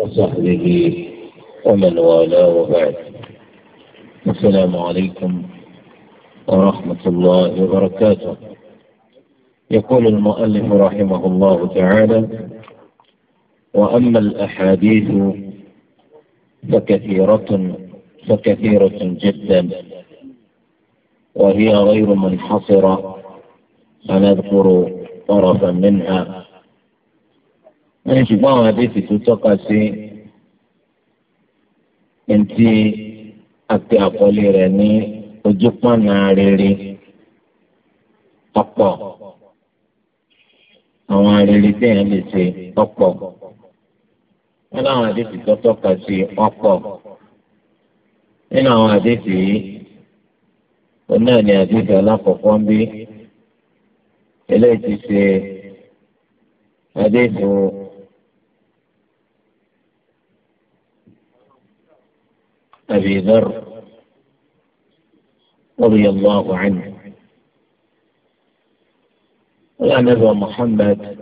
وصحبه ومن والاه وبعد السلام عليكم ورحمة الله وبركاته يقول المؤلف رحمه الله تعالى وأما الأحاديث فكثيرة فكثيرة جدا وهي غير منحصرة سنذكر طرفا منها ẹni ṣùgbọ́n àwọn adéṣì tó tọ́ka sí ẹni tí a pe àkọlé rẹ̀ ní ojúpọ̀nà rere ọ̀pọ̀ àwọn rere téèyàn lè ṣe ọ̀pọ̀ wọn láwọn adéṣì tó tọ́ka sí ọ̀pọ̀ nínú àwọn adéṣì yìí òun náà ni adéṣì alákọ̀ọ́kọ́ ń bí eléyìí ti ṣe adéṣì wọn. أبي ذر رضي الله عنه ولا نبي محمد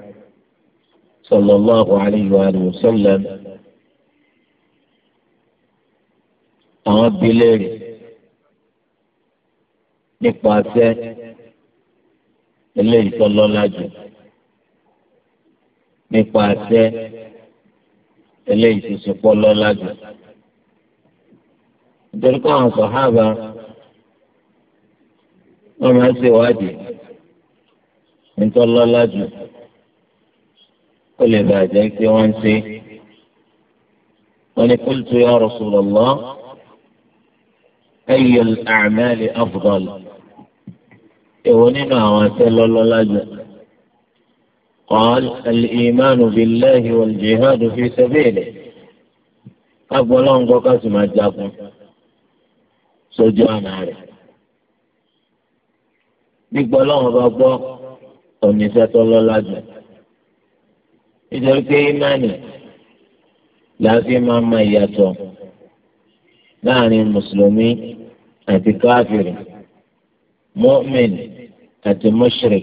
صلى الله عليه وآله وسلم أعد بليل nípasẹ̀ eléyìí tó lọ́lá jù nípasẹ̀ eléyìí tó ṣe pọ́ lọ́lá jù nítorí pé àwọn sọ̀hábà wọ́n máa ń ṣèwádìí nítọ́lọ́lá jù kó lè bàjẹ́ pé wọ́n ń ṣe. ولقلت يا رسول الله أي الأعمال أفضل ونما وسل الله قال الإيمان بالله والجهاد في سبيله أقول لهم قاسم الجاكم sójú ọ̀nà rẹ̀. gbígbọ́ lọ́wọ́ bá gbọ́ oníṣẹ́ tó lọ́lá jù. nítorí pé ìmánì làáfi máa ma ìyàtọ̀ láàrin mùsùlùmí àti káfíìrì mọ́mìn àti mọ́ṣírì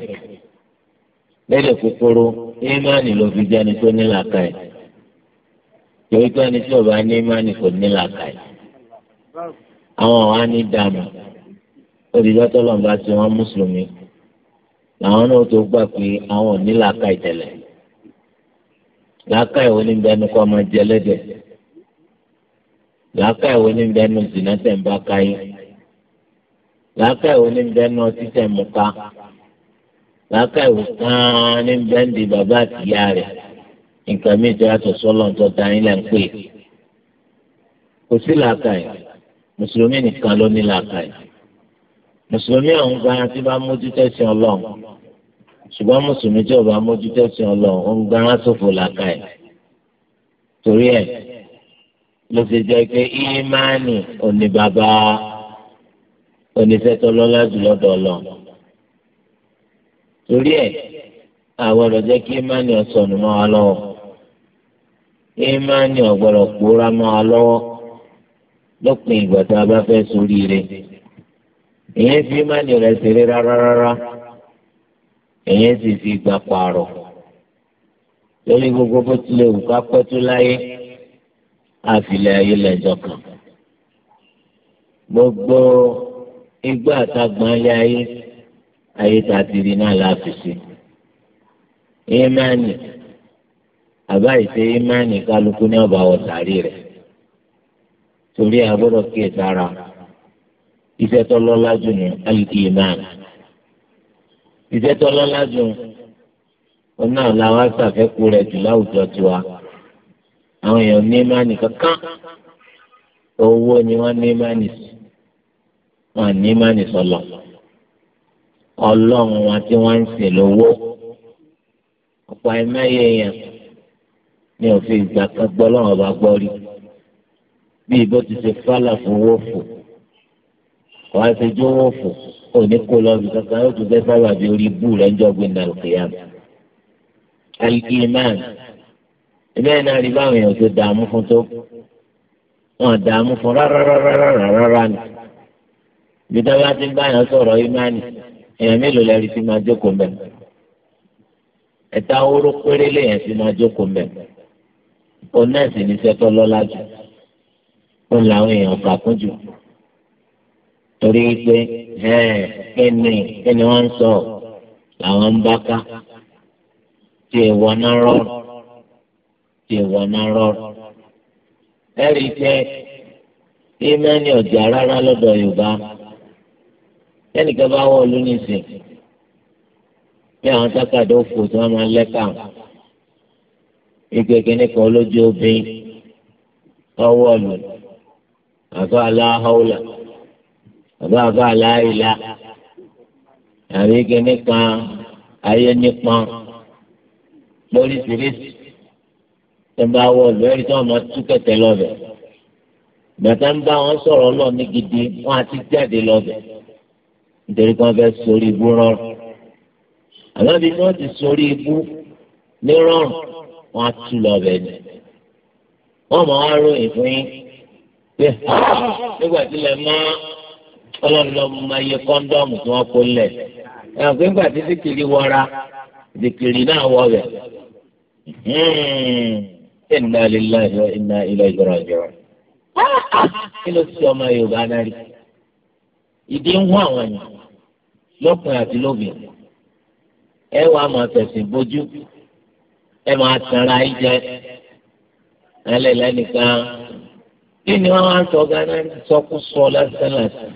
lédè kúkúrú ìmánì ló fi jẹ́ni tó nílàkàyè torí pé ẹni tí ò bá ní ìmánì kò nílàkàyè àwọn wa ní dànù olùdíjọ́ tó lọ́nba sí wọn mùsùlùmí làwọn náà tó gbà pé àwọn ò ní làákà ìtẹ̀lẹ̀ làákà ìwé ní bẹnu kọ́ ọmọ jẹ lẹ́dẹ̀ làákà ìwé ní bẹnu zìnà tẹ̀ ń bá káyé làákà ìwé ní bẹnu ọtí tẹ̀ làákà ìwé kán ní bẹ́ńdì bàbá àtìyá rẹ̀ nǹkan mìíràn tó yàtọ̀ sọ́lọ́ntọ́ dání lẹ́ ń pè kò sí làákà yìí mùsùlùmí nìkan ló ní làákàyè mùsùlùmí àwọn gan tí bá mójútó ẹ̀sìn ọlọ́run ṣùgbọ́n mùsùlùmí tí ò bá mójútó ẹ̀sìn ọlọ́run ó ń gan sófo làákàyè torí ẹ̀ ló ti jẹ́ pé ìmánì òní bàbá oníṣẹ́ tó lọ́lá jùlọ dọ̀lọ́ torí ẹ̀ àwọn ọ̀rọ̀ jẹ́ kí ìmánì ọ̀sọ̀nù mọ́ wa lọ́wọ́ ìmánì ọ̀gbọ̀rọ̀ pòórá mọ́ wa lọ́wọ́ lópin ìgbà tá a bá fẹ́ soríire ìyẹn fi mánì rẹ̀ ṣeré rárá ìyẹn sì fi gbà pààrọ̀ lórí gbogbo bó tilẹ̀ wù ká pẹ́tù láyé àfilẹ̀ ayé lẹ́jọ́ kan gbogbo igbá àtàgbọ̀n ilé ayé ayé tá a náà láàfin sí ìmánì àbá ìṣe ìmánì kálukú ní ọba ọ̀sàrí rẹ̀ torí ẹ̀ gbọ́dọ̀ kí ẹ̀ sára iṣẹ́ tó lọ́lá jù ní al-iman iṣẹ́ tó lọ́lá jù òun náà làwọn aṣàfẹ́kù rẹ̀ jù láwùjọ tiwa àwọn èèyàn ní ìmánì kankan owó ni wọ́n ní ìmánì sí wọ́n ní ìmánì sọlọ ọlọ́run wọn tí wọ́n ń sè lówó ọ̀pọ̀ ẹ̀mẹ́yẹ yẹn ni òfin ìgbà kan gbọ́ lọ́wọ́ bá gbọ́ rí i bí ìbọn ti ṣe fálà fún wọ́ọ̀fù wàá ṣe jó wọ́ọ̀fù òní kó lọ bí kankan yóò tún fẹ́ sábà bí orí bú rẹ̀ ń jọ gbé nà lùkìyàm. al-iman ìbẹ́ náà rí báwọn èèyàn ṣe dààmú fún tó wọn dààmú fún rárárárárárá ni bí dábàá ti ń báyàn sọ̀rọ̀ ìmánì èèyàn mélòó lẹ́rìí sí máa jókòó mbẹ́ ẹ̀ta oró péré lèèyàn sí máa jókòó mbẹ́ òun ní sẹ́tọ́ lọ́lá jù ó làwọn èèyàn kà kún jù torí pé kíni kíni wọ́n ń sọ làwọn ń bá ká tí ìwọ náà rọrùn tí ìwọ náà rọrùn ẹ̀rí pé ìmẹ́ni ọ̀jà rárá lọ́dọ̀ Yorùbá ẹnìkan bá wọ̀ lónìsìn bí àwọn tákàdá òfò tí wọ́n máa lẹ́ka ìgbẹ́gẹ́ nípa olójú obìnrin ọwọ́ lòdì àbá aláhàólà àbá àbá aláìlá àbí gẹ́gẹ́ kan ayé nípọn lóríṣiríṣi tẹ̀mbà wọ lórí tí wọ́n máa tú kẹ̀kẹ́ lọ́bẹ̀. bàtà ń bá wọn sọ̀rọ̀ lọ ní gidi wọn àti jáde lọ́bẹ̀. nítorí kan fẹ́ sórí ibú rọrùn. àlọ́bí ni wọ́n ti sórí ibú ní rọrùn wọn á tú lọ́bẹ̀ ni. wọ́n máa wá ròyìn fún yín pé nígbà tí lè mọ ọlọ́run lọ máa yẹ kọ́ńdọ́ọ̀mù tí wọ́n kó lẹ̀ ẹ̀ nígbà tí dìkìrì wọra dìkìrì náà wọ bẹ̀. Hmm, inna lillahi wa inna ilayhi raji'un. kí ló ti ọmọ yorùbá náà rí ìdí ń hún àwọn ènìyàn lọ́kùnrin àti lóbìnrin ẹ wà máa tẹ̀sìn bójú ẹ máa tanra ẹ ẹ lè lẹ́nìkan kíni wọn wá sọ gánà sọkúsọ lásánlásán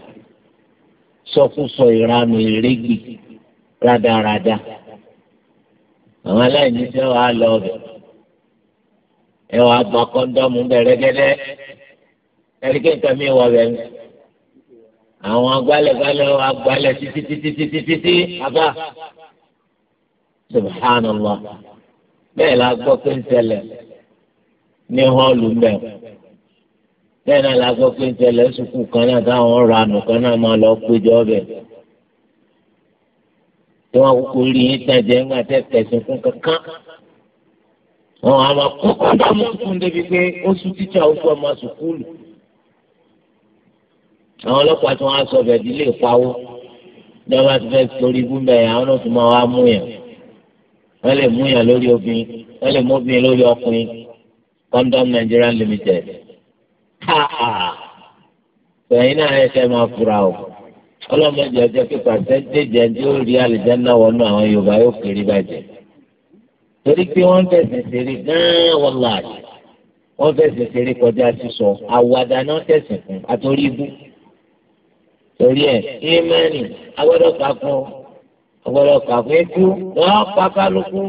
sọkúsọ ìranù ìrẹgbì rádaràda àwọn aláìní tí wọn á lọ ọbẹ ẹ wàá gbọn kọńdọọmù bẹ̀rẹ̀ gẹ́dẹ́ ẹríkẹ nǹkan mi wọ bẹ́ẹ̀ mi àwọn agbálẹ̀gbálẹ̀ agbálẹ̀ títí títí títí títí abá subhanallah bẹ́ẹ̀ la gbọ́ pé ń ṣẹlẹ̀ ní họọlù mẹ́rin bẹ́ẹ̀ náà la gbọ́ pé ń tẹ̀lé sùkúù kan náà táwọn ọ̀rọ̀ àná kan náà máa lọ péjọ ọbẹ̀ tí wọ́n kúkú rí yín tàn jẹ́ ńgbà tẹ́ tẹ̀sìn fún kankan wọn a máa kó kọ́ńtà mú sùkúù débi pé ó sùn títsà ó sùn ọmọ sùkúùlù àwọn ọlọ́pàá tí wọ́n á sọ bẹ̀ẹ́dì lè pawó ìjọba ti fẹ́ torí ibú bẹ̀rẹ̀ àwọn náà tún máa wá mú yàn wọ́n lè mú yàn lórí obìnrin wọ́n lè mú obìnrin lórí Limited sẹ́yìn náà ẹ fẹ́ máa fura o ọlọ́mọdé ọjọ́ pípa sẹ́ńtéjẹ tí ó rí àlùjáná wọnú àwọn yorùbá yóò kéré bàjẹ́ torí pé wọ́n fẹ̀sẹ̀ ṣeré gán-an wọ́n là á wọ́n fẹ̀sẹ̀ ṣeré kọjá sísọ àwàdà náà tẹ̀sìn fún àtòrí ibú torí ẹ̀ ìmẹ́rin agbọ́dọ̀ kakọ́ agbọ́dọ̀ kakọ́ ikú yọ pa kálukú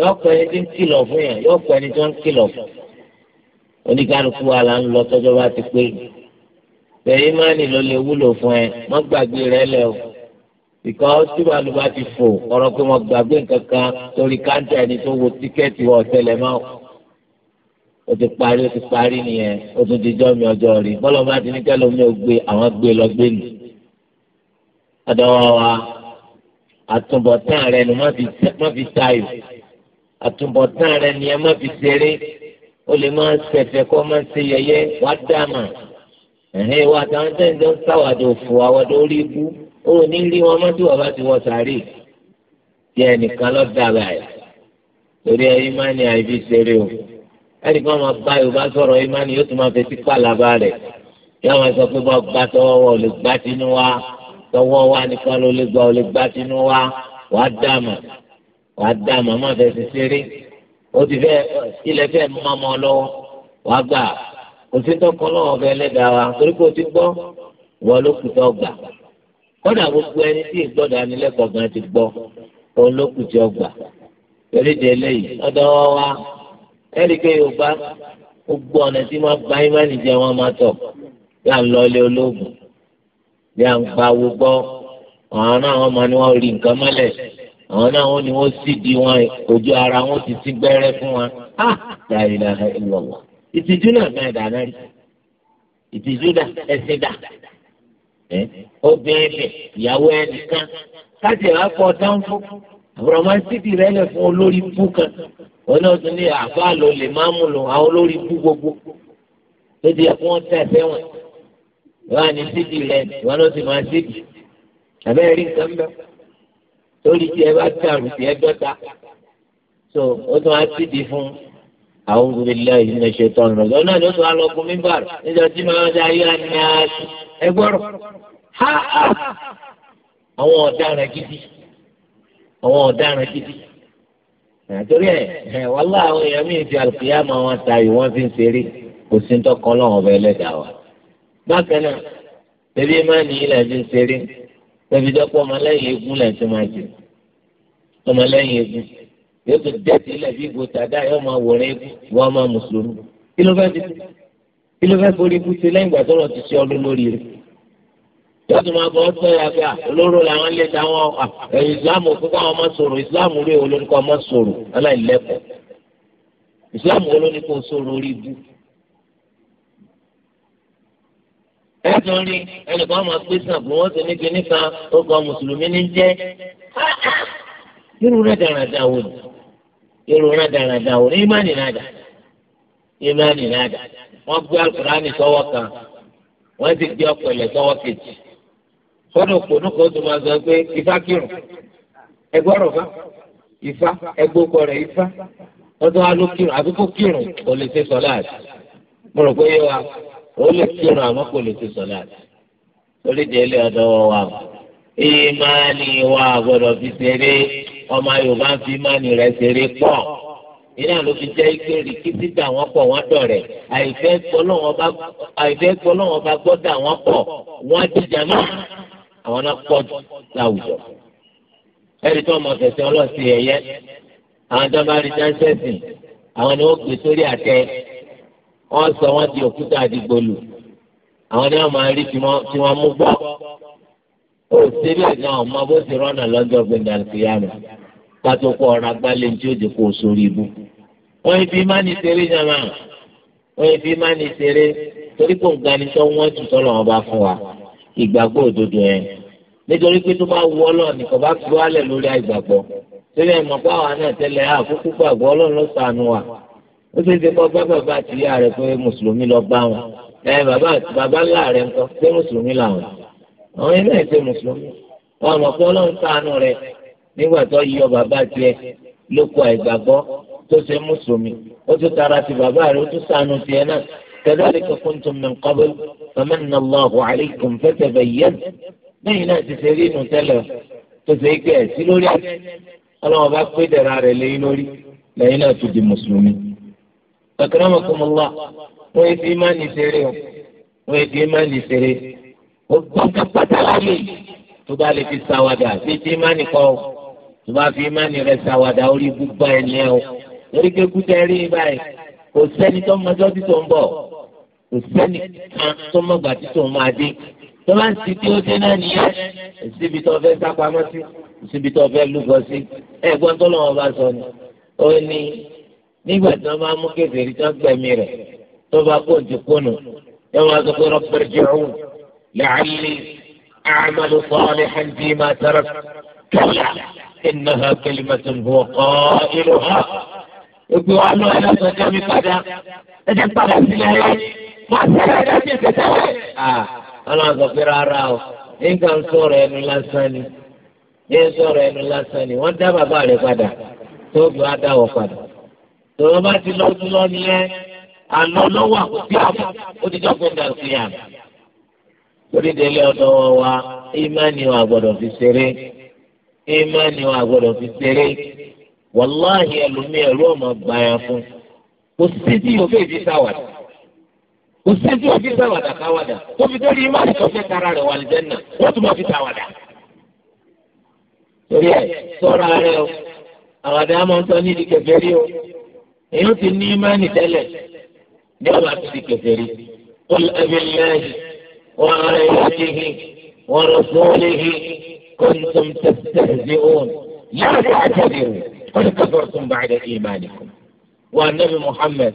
yọ pẹ́ni tí ń kìlọ̀ fún yàn yọ pẹ́ni tí wọ́n ń kìlọ̀ fún yàn oníkálukú wa là ń lọ tọ́jọ́ bá ti pé bẹ́ẹ̀ imáni ló lè wúlò fún ẹ má gbàgbé rẹ lẹ o because tí wàlú bá ti fò ọ̀rọ̀ pé wọ́n gbàgbé nǹkan kan torí káńtà ẹni tó wo tíkẹ́ẹ̀tì wọ̀ ọ̀tẹlẹ̀ máa o ti parí o ti parí nìyẹn o tún ti jọ́ mi ọjọ́ rí bọ́lá bá ti ní kẹ́lẹ́ omi ò gbé àwọn gbé lọ gbé nù adọ́wọ́ wa àtúbọ̀tán rẹ ni má fi tayò àtúbọ̀tán rẹ ni ẹ má fi ṣeré ó lè máa ṣẹ̀fẹ̀ kó máa ṣe yẹ̀yẹ́ wá dáàmà ẹ̀hìn wa táwọn tẹ̀ ń jọ sáwàdà òfò àwọ̀dà orí ikú ó ní rí wọn má tí wọ́n bá ti wọ sàárè tí ẹnìkan lọ dàbà ẹ̀ torí ẹ ìmánì àìfi ṣeré o ẹnì kan máa bá yorùbá sọ̀rọ̀ ìmánì yóò tún máa fetí pàlàbà rẹ̀ yóò máa sọ pé bá gbà tọwọ́ wọ lè gbà tinú wa tọwọ́ wa nìkan ló lè gbà ó lè gbà tinú wa wàá dààmú wàá dààmú má fẹ́ ti ṣeré o ti fẹ́ ilẹ̀ fẹ́ mọ́mọ́ lọ́wọ́ wá gbà kò sí tọkọ lọ́wọ́ fẹ́ lẹ́dàá wa torí kò ti gbọ́ wọ́n ló kù tó gbà kódà gbogbo ẹni tí ìgbọ́dọ̀ anilẹ́kọ̀ọ́ gan ti gbọ́ òun ló kù tó gbà torí de eléyìí ọ̀dọ̀ wa ẹ̀ríkẹ́ yorùbá gbogbo ọ̀nà tí wọ́n gba ìmánì jẹ́ wọ́n máa tọ̀ bí à ń lọ ilé olóògùn bí à ń gba owó gbọ́ ọ̀hún náà wọ́n máa ní wọ́n rí nǹkan mọ́lẹ̀ àwọn náà wọ́n ní wọ́n sì di wọn ojú ara wọn ti ti gbẹ́rẹ́ fún wọn á dàrí lára ìlọ̀wọ̀ ìtìjú náà náà dáná rí ìtìjú dà ẹsìn dà obìnrin ìyàwó ẹnìkan káàtì ẹ̀ wá pọ̀ tán fún rọmọsítì rẹ lẹ fún olórí bú kan wọn náà tún ní àbá lò lè má mú lò àwọn olórí bú gbogbo tó di ẹkún wọn tẹ wọn á ní sítì rẹ wọn náà sì máa sítì àbẹ́rẹ́ rí nǹkan bẹ́ẹ̀ torí tí ẹ bá tí àrùn tí ẹ dọ́ta so ó tún á ti di fún àwọn gbòmìnira yìí ní ṣe tán lọ lọ́nà ni ó tún á lọ gun mímbà níjọ tí màá da ayé àníyàsí ẹ gbọ́rọ̀ ha ha àwọn ọ̀daràn gidi àwọn ọ̀daràn gidi àtúrí ẹ ẹ wàhálà àwọn èèyàn mi ti àlùkìyàmọ àwọn àtàyè wọn fi ń ṣeré kò sí ń tọkàn lọ́wọ́ ọbẹ̀ ẹlẹ́dàá wa bákan náà tẹ̀lé má ní ilẹ̀ fi ń ṣeré tẹbi dẹ kó ọmọlẹ́yìn egun lẹ ti máa jẹ ọmọlẹ́yìn egun yóò tó dẹtí lẹ bí ìgò tàdá yóò máa wọrẹ egun wọn máa mùsùlùmí kí ló fẹ́ ti kí ló fẹ́ forí ikú ti lẹ́yìn ìgbà tọrọ ti ṣe ọdún lórí rẹ yóò tún máa bọ ọtọ yà pé olóró làwọn lè ta wọn ìsìláàmù òkúkọ àwọn ọmọ sọ̀rọ̀ ìsìláàmù rí olórí kọ ọmọ sọ̀rọ̀ aláìlẹ́kọ̀ọ́ ìsìláàmù olórí kò sọ̀rọ̀ orí ibú ẹ tún rí ẹnìkan máa gbé sàbùn wọn sì ní kíní kan ó kọ mùsùlùmí ní jẹ rẹ ni rẹ wò ni wọn gbé alukurani kan wọn gbé kejì fọdọ tó máa sọ pé fa ifá rẹ ifá wọn tó wá ló kírun kírun kò lè ṣe mo rò pé ó lè kírun àmọ́ kò lè ti sọ̀lá torí délé ọ̀dọ́ wa o ìmánì wa gbọ́dọ̀ fi ṣeré ọmọ Yorùbá ń fi ìmánì rẹ̀ ṣeré pọ̀ iná ló fi jẹ́ ike rìkítí dà wọ́n pọ̀ wọ́n dọ̀rẹ́ àìfẹ́ gbọ́lọ́wọ́n bá gbọ́ dà wọ́n pọ̀ wọ́n jíjà náà àwọn náà pọ̀ láwùjọ. ẹ̀rí tó ọmọ fẹ̀sẹ̀ ọlọ́sìn ẹ̀yẹ àwọn tó bá rí dáńsẹ̀sìn àwọn ni wọ́n gbé sórí àtẹ wọ́n sọ wọ́n di òkúta àdìgbòlù àwọn ni wọ́n máa rí tí wọ́n mú gbọ́ ó síbẹ̀ náà ọmọ bó ti rọ́nà lọ́jọ́ gbẹ̀dàkìyàmù kátó kọ́ ọ̀rọ̀ agbálẹ̀ tí ó di kó sórí ibú. wọ́n ibi máa ní ṣeré yàrá wọ́n ibi máa ní ṣeré torí kò ń gani tó wọ́n jù sọ́lọ́ wọn bá fún wa ìgbàgbọ́ òdodo yẹn nítorí pé tó bá wù ọlọ́run nìkan bá fi wálẹ̀ lórí àìgbàgbọ́ síbẹ̀ mọ̀ pé àwa náà tẹ́lẹ̀ àkókò gbàgbọ́ ọlọ́run ló ṣàánú wa ó ṣe é ṣe kọ́ bá bàbá àti ìyá rẹ̀ pé mùsùlùmí lọ bá wọn ẹ bàbá bàbá ńlá rẹ̀ ńkọ́ pé mùsùlùmí làwọn àwọn iná ẹ̀ ṣe mùsùlùmí wọn mọ̀ pé ọlọ́run ṣàánú rẹ̀ nígbà tó yọ bàbá tiẹ̀ lóko àìgbàgbọ́ tó ṣe mùsùlùmí ó tún tara ti bàbá rẹ̀ ó tún ṣàánú tiẹ̀ náà كذلك كنتم من قبل فمن الله عليكم فتبينوا akramakumullah wọn yìí fi máa ní ṣeré o wọn yìí fi máa ní ṣeré o gbọ́dọ̀ pátáláyé tó bá lè fi ṣàwàdà fi fi máa ní kọ́ o tó bá fi máa ní rẹ ṣàwàdà orí gbogbo ẹ̀ ẹ o lórí kékúté rí báyìí kò sẹ́ni tó mọjọ́ tí tó ń bọ̀ kò sẹ́ni kan tó mọ̀gbà tí tó máa dé tó bá ń ti tí ó dé náà nìyẹn síbi tó fẹ́ sápamọ́ sí síbi tó fẹ́ lúgọ sí ẹ̀gbọ́n tó lọ́wọ́ bá sọ ni ó ní. nígbà tí wọ́n bá mú kékeré tí wọ́n gbẹ̀mí rẹ̀ tó bá kó ti kónú mu rọpẹrẹ jẹun máa sọ pé rọ́pẹ̀rẹ̀ jẹ́ òun làálí àmàlù sọ́ọ́lì hàǹdí máa tẹ̀rẹ̀ kẹ́lá ìnáhà sọ ń sọrọ inaha ni ń kọ́ ìlú ha. padà tóbi wa lọ ẹlẹ́sọ̀ je mi padà e je padà sílẹ̀ rẹ̀ máa je ẹ̀jẹ̀ tẹ̀tẹ̀ rẹ̀. Ọlọ́run sọ pé rárá o, nǹkan sọ̀rọ̀ ẹnu lásán ni, ní sọ̀rọ̀ ẹnu lásán ni, wọ́n dá bàbá rẹ̀ padà, tóbi wá da wo padà. tòun bá ti lọ sí lọ nìyẹn àná lọ́wọ́ àkùtì ó ti jọ́ gbẹ̀dẹ̀ òkèèyàn. torí délé ọ̀dọ́ wa ìmánì wa fi ṣeré ìmánì wa gbọ́dọ̀ fi ṣeré wàláhì ẹlòmíì ẹ̀rú ọmọ gbàyàn fún kò sí tí yóò fèèfì sáwàdà kò sí tí yóò fi sáwàdà káwàdà tó fi tó ìmánì tó fẹ́ tara rẹ̀ wà wọ́n tún bá fi sáwàdà. torí ẹ o àwàdà ń tọ́ ní o. èyí ti ní imáni tẹ́lẹ̀ ní ọba tó ti kèfèrí qul abillahi wa ayatihi wa rasulihi kuntum tastahzi'un la ta'tadiru qad kafartum ba'da imanikum. wa nabi muhammed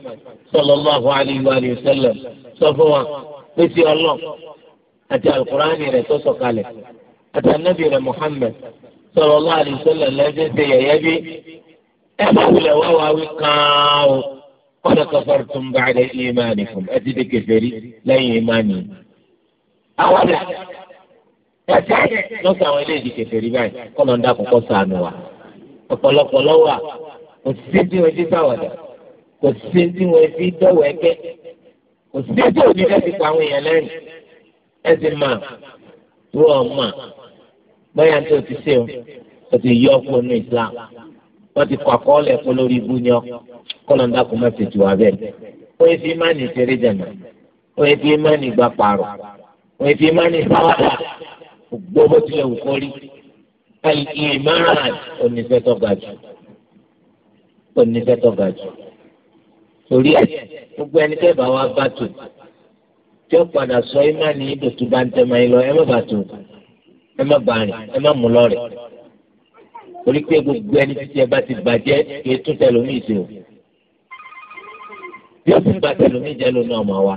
sallallahu alayhi wa sallam sọ fún wa pèsè ọlọ́ọ̀ àti alukur'ani rẹ̀ tó sọ̀kalẹ̀ àti anabi rẹ̀ muhammed sallallahu alayhi wa sallam lẹ́jẹ̀ ṣe bí ẹ má wulẹ̀ wá wá wí kàn ó kọ́dà kọfàr tó ń bá a lẹ ìmánì fún ẹ ti di kẹfẹ́rí lẹ́yìn ìmánì. àwọn ọ̀dà ẹ̀ka lọ́sọ̀ àwọn ilé ìdí kẹfẹ́rí báyìí kọ́nà ń dàkún kọ́ sànù wa ọ̀pọ̀lọpọ̀ lọ́wọ́ kò sí tí wọ́n ti sáwọ̀dà kò sí tí wọ́n ti dọ̀wọ́ ẹ̀kẹ́ kò sí tí òní fẹ́ pa àwọn èèyàn lẹ́rìn ẹ ti máa rú ọ̀ máa báyà tó ti ṣe wọ́n ti kọ́ àkọọ́lẹ̀ ẹ̀kọ́ lórí ibú ni ọ kọ́lọ̀ ń dákun má ti tù wá bẹ́ẹ̀. ó yẹ fi má ní ìṣeré jẹ̀nà ó yẹ fi má ní ìgbà pààrọ̀ ó yẹ fi má ní sáwàdà gbogbo bó tilẹ̀ wù kọ́ rí. ìmáàràn onífẹ́ tó ga tí ó padà sọ ìmáàní ìdòtú bá ń tẹ́ máa ń lọ ẹ má bàtò ẹ má bàrìn ẹ má mú lọ́rẹ̀ẹ́ torí pé gbogbo ẹni títí ẹ bá ti bàjẹ́ kí e tún tẹlómi ṣe o bí o sì bá tẹlómi jẹ́ lónìí ọmọ wa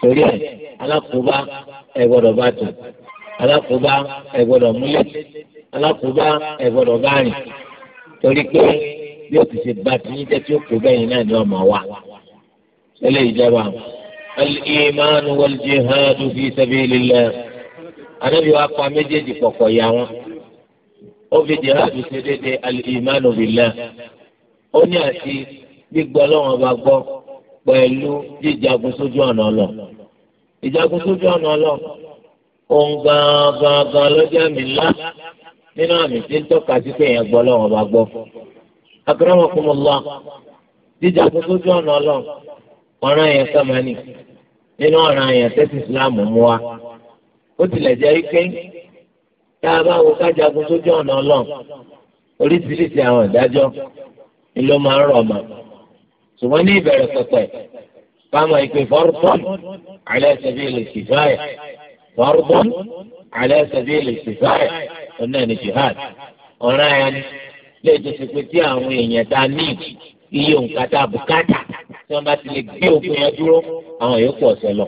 torí ẹ alákòóbá ẹ gbọ́dọ̀ bá tó alákòóbá ẹ gbọ́dọ̀ múlẹ̀ alákòóbá ẹ gbọ́dọ̀ bá rìn torí pé bí o ti ṣe bá ti yín jẹ́ tí ó kó bẹ́yìn náà ní ọmọ wa eléyìí jẹba al-iman wal jihad fi sabilillah anábìwá pa méjèèjì pọ̀pọ̀ yà wọn ó fi jihad ṣe déédé al-imanu billah ó ní àti gbígbọ́ ọlọ́wọ́n bá gbọ́ pẹ̀lú jíjagun sójú ọ̀nà ọlọ́ ìjagun sójú ọ̀nà ọlọ́ òun gangan lọ́jọ́ àmì ńlá nínú àmì tí ń tọ́ka sí pé èèyàn gbọ́ ọlọ́wọ́n bá gbọ́ akramakumullah jíjagun sójú ọ̀nà ọlọ́ ọ̀ràn yẹn sọ́mọ́nì nínú ọ̀ràn yẹn tẹ́sí islam mú wa ó tilẹ̀ jẹ́ ike tá a bá wo kájagun sójú ọ̀nà ọlọ́run oríṣiríṣi àwọn ìdájọ́ ni ló máa ń rọ̀ mọ́ ṣùgbọ́n ní ìbẹ̀rẹ̀ pẹ̀pẹ̀ fáwọn ìpè fọ́rùtọ́n alẹ́ ṣẹ̀bí lè sì fáyà fọ́rùtọ́n alẹ́ ṣẹ̀bí lè sì fáyà ọ̀nà ní jihad ọ̀ràn ẹ̀ ni lè tó ti pé tí àwọn èèyàn ta ní iye òǹkàtà bùkátà tí wọ́n bá ti lè gbé òfin yẹn dúró àwọn yòókù ọ̀sẹ̀ lọ.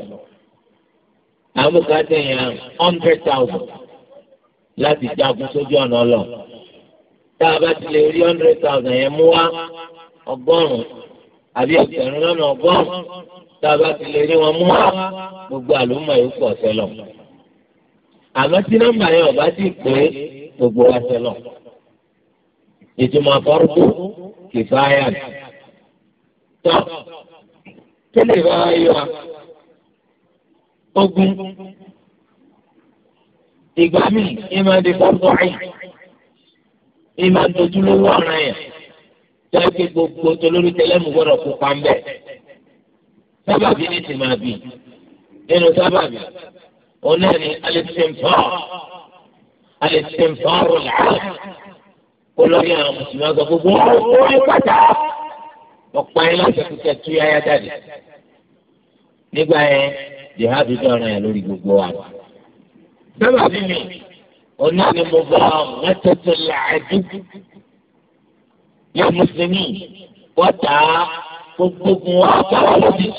àwọn bùkátà yẹn hundred thousand láti jagun sójú ọ̀nà lọ. tá a bá ti lè rí hundred thousand yẹn mú wá ọgọ́rùn-ún àbí ẹgbẹ̀rún lọ́nà ọgọ́rùn-ún tá a bá ti lè rí wọn mú wá gbogbo àlùmọ̀ yóò pọ̀ sẹ́lọ̀. àmọ́ tí nọ́mbà yẹn ọ̀bá ti pé gbogbo wa sẹ́lọ̀. ìtumọ̀ àkọ́rùkù kìfáyà tọ́ tẹ́lẹ̀ bá yọ ogun ìgbà míì ìmọ̀ ẹ̀dẹ̀ kọ́kọ́ ẹ̀ ìmọ̀ ẹ̀dọ̀dún ló wọ̀ ọ̀ràn yẹn jẹ́ pé gbogbo tolórí tẹlẹ́mù gbọ́dọ̀ kó pa ń bẹ̀. sábàbí ní ti máa bì nínú sábàbí òun náà ni alẹ́sìmfọ́ alẹ́sìmfọ́ rọ̀lá kó lórí àwọn mùsùlùmí ọgbà gbogbo wọn ò pátá ọ̀pá yẹn láti ẹ̀kútẹ́ tú yáyá jáde nígbà yẹn jihad dọ̀ràn yẹn lórí gbogbo wa. سبب ونحن مباغتة العدو للمسلمين وتا قبض واقع لديك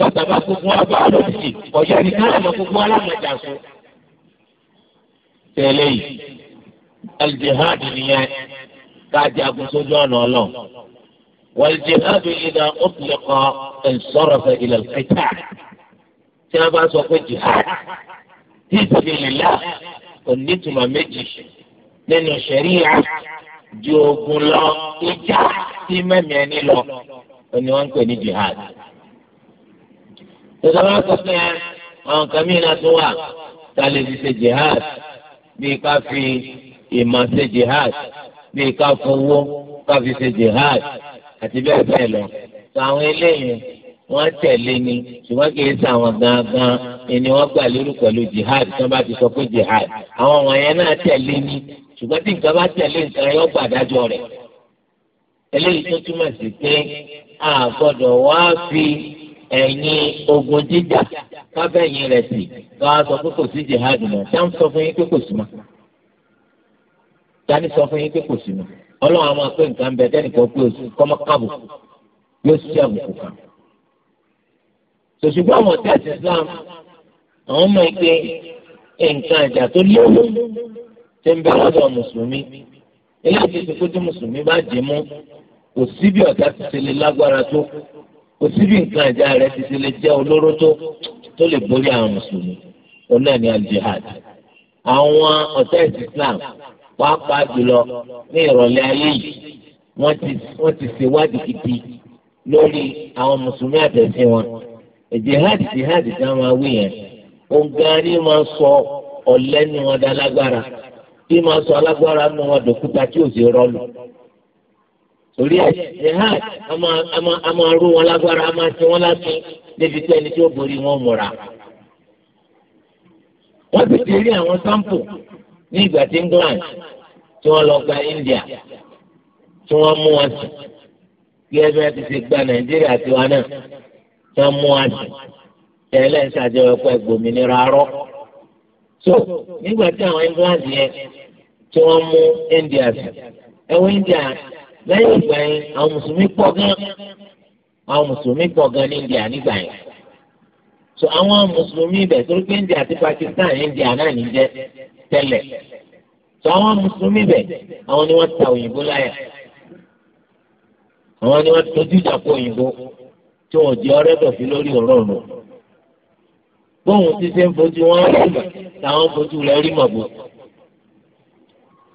وتا قبض واقع لديك وجعني كان قبض ولا مجاسو تلي الجهاد نيان قاعد أبو سجوان والله والجهاد إذا أطلق انصرف إلى القتال تابع سوف الجهاد ìsìlélá onítùmọ̀ méjì nínú sẹ̀ríyà ju ogun lọ ìjà tí mẹ́mí ẹni lọ ni wọ́n ń pè ní jihad. ìjọba sọ pé àwọn kan mí náà tún wà tá a lè fi ṣe jihad bí ká fi ìmọ̀ ṣe jihad bí ká fowó ká fi ṣe jihad àti bẹ́ẹ̀ bẹ́ẹ̀ lọ. sọ àwọn eléyìí wọ́n tẹ̀lé ni ṣùgbọ́n kì í ṣe gangan ẹni wọ́n gbà lérò pẹ̀lú jihad tí wọ́n bá ti sọ pé jihad àwọn wọ̀nyẹn náà tẹ̀lé ní ṣùgbọ́n tí nǹkan bá tẹ̀lé nǹkan yọ gbàdájọ́ rẹ̀ eléyìí tó túmọ̀ sí pé a gbọ́dọ̀ wá fi ẹ̀yin ogun jíjà kábẹ́yìn rẹ̀ sí ká sọ pé kò sí jihad mọ́ tá ń sọ fún yín pé kò sí mọ́ tani sọ fún yín pé kò sí mọ́ ọlọ́run àwọn pé nǹkan bẹ tẹ́nìkan pé kọ́mọ́ káàbùkù yóò ṣiṣẹ́ àbùkù kan. sòṣùgbọ́n àwọn ọ̀tá ìsìn Islam àwọn ọmọ ìpè nǹkan ìjà tó léwu ṣe ń bẹ lọ́dọ̀ mùsùlùmí eléyìí ti sèkó tí mùsùlùmí bá dì mú kò sí bí ọ̀tá ti ṣe lè lágbára tó kò sí bí nǹkan ìjà rẹ̀ ti ṣe lè jẹ́ olóró tó tó lè borí àwọn mùsùlùmí òun náà ní aljihad àwọn ọ̀tá Islam wàá pa jùlọ ní ìrọ̀lẹ́ ayé yìí wọ́n ti wọ́n ti ṣèwádìí gidi lórí àwọn mùsùlùmí àtẹ̀sí wọn ìjihad jihad tí wọ́n máa wí yẹn òǹgàn ni máa sọ ọ̀lẹ nu wọn dá lágbára máa sọ alágbára nu wọn dòkúta tí ò sí rọlù torí ẹ jihad a máa rú wọn lágbára a máa ti wọn láti níbi tí ẹni tí ó borí wọn múra wọ́n sì ti rí àwọn sampo ní ìgbà tí England tí wọ́n lọ gba India tí wọ́n mú wọn sí kí ẹgbẹ́ ti ti gba Nàìjíríà tiwa náà tí wọ́n mú wọn sí. ẹlẹ́sìn àjẹwò ẹ̀kọ́ ẹ̀gbòmìnira rọ́ so nígbà tí àwọn England yẹn tí wọ́n mú India sí India lẹ́yìn ìgbà yẹn àwọn mùsùlùmí pọ̀ gan àwọn mùsùlùmí pọ̀ gan ní India nígbà yẹn so àwọn mùsùlùmí ibẹ̀ India Pakistan India náà ní jẹ́ tẹ́lẹ̀ so àwọn mùsùlùmí ibẹ̀ àwọn ni wọ́n ta òyìnbó láyà àwọn ni wọ́n tójú ìjà kó òyìnbó tí bóun ti ṣe ń fojú wọn rí mà làwọn fojú rẹ rí mà bò.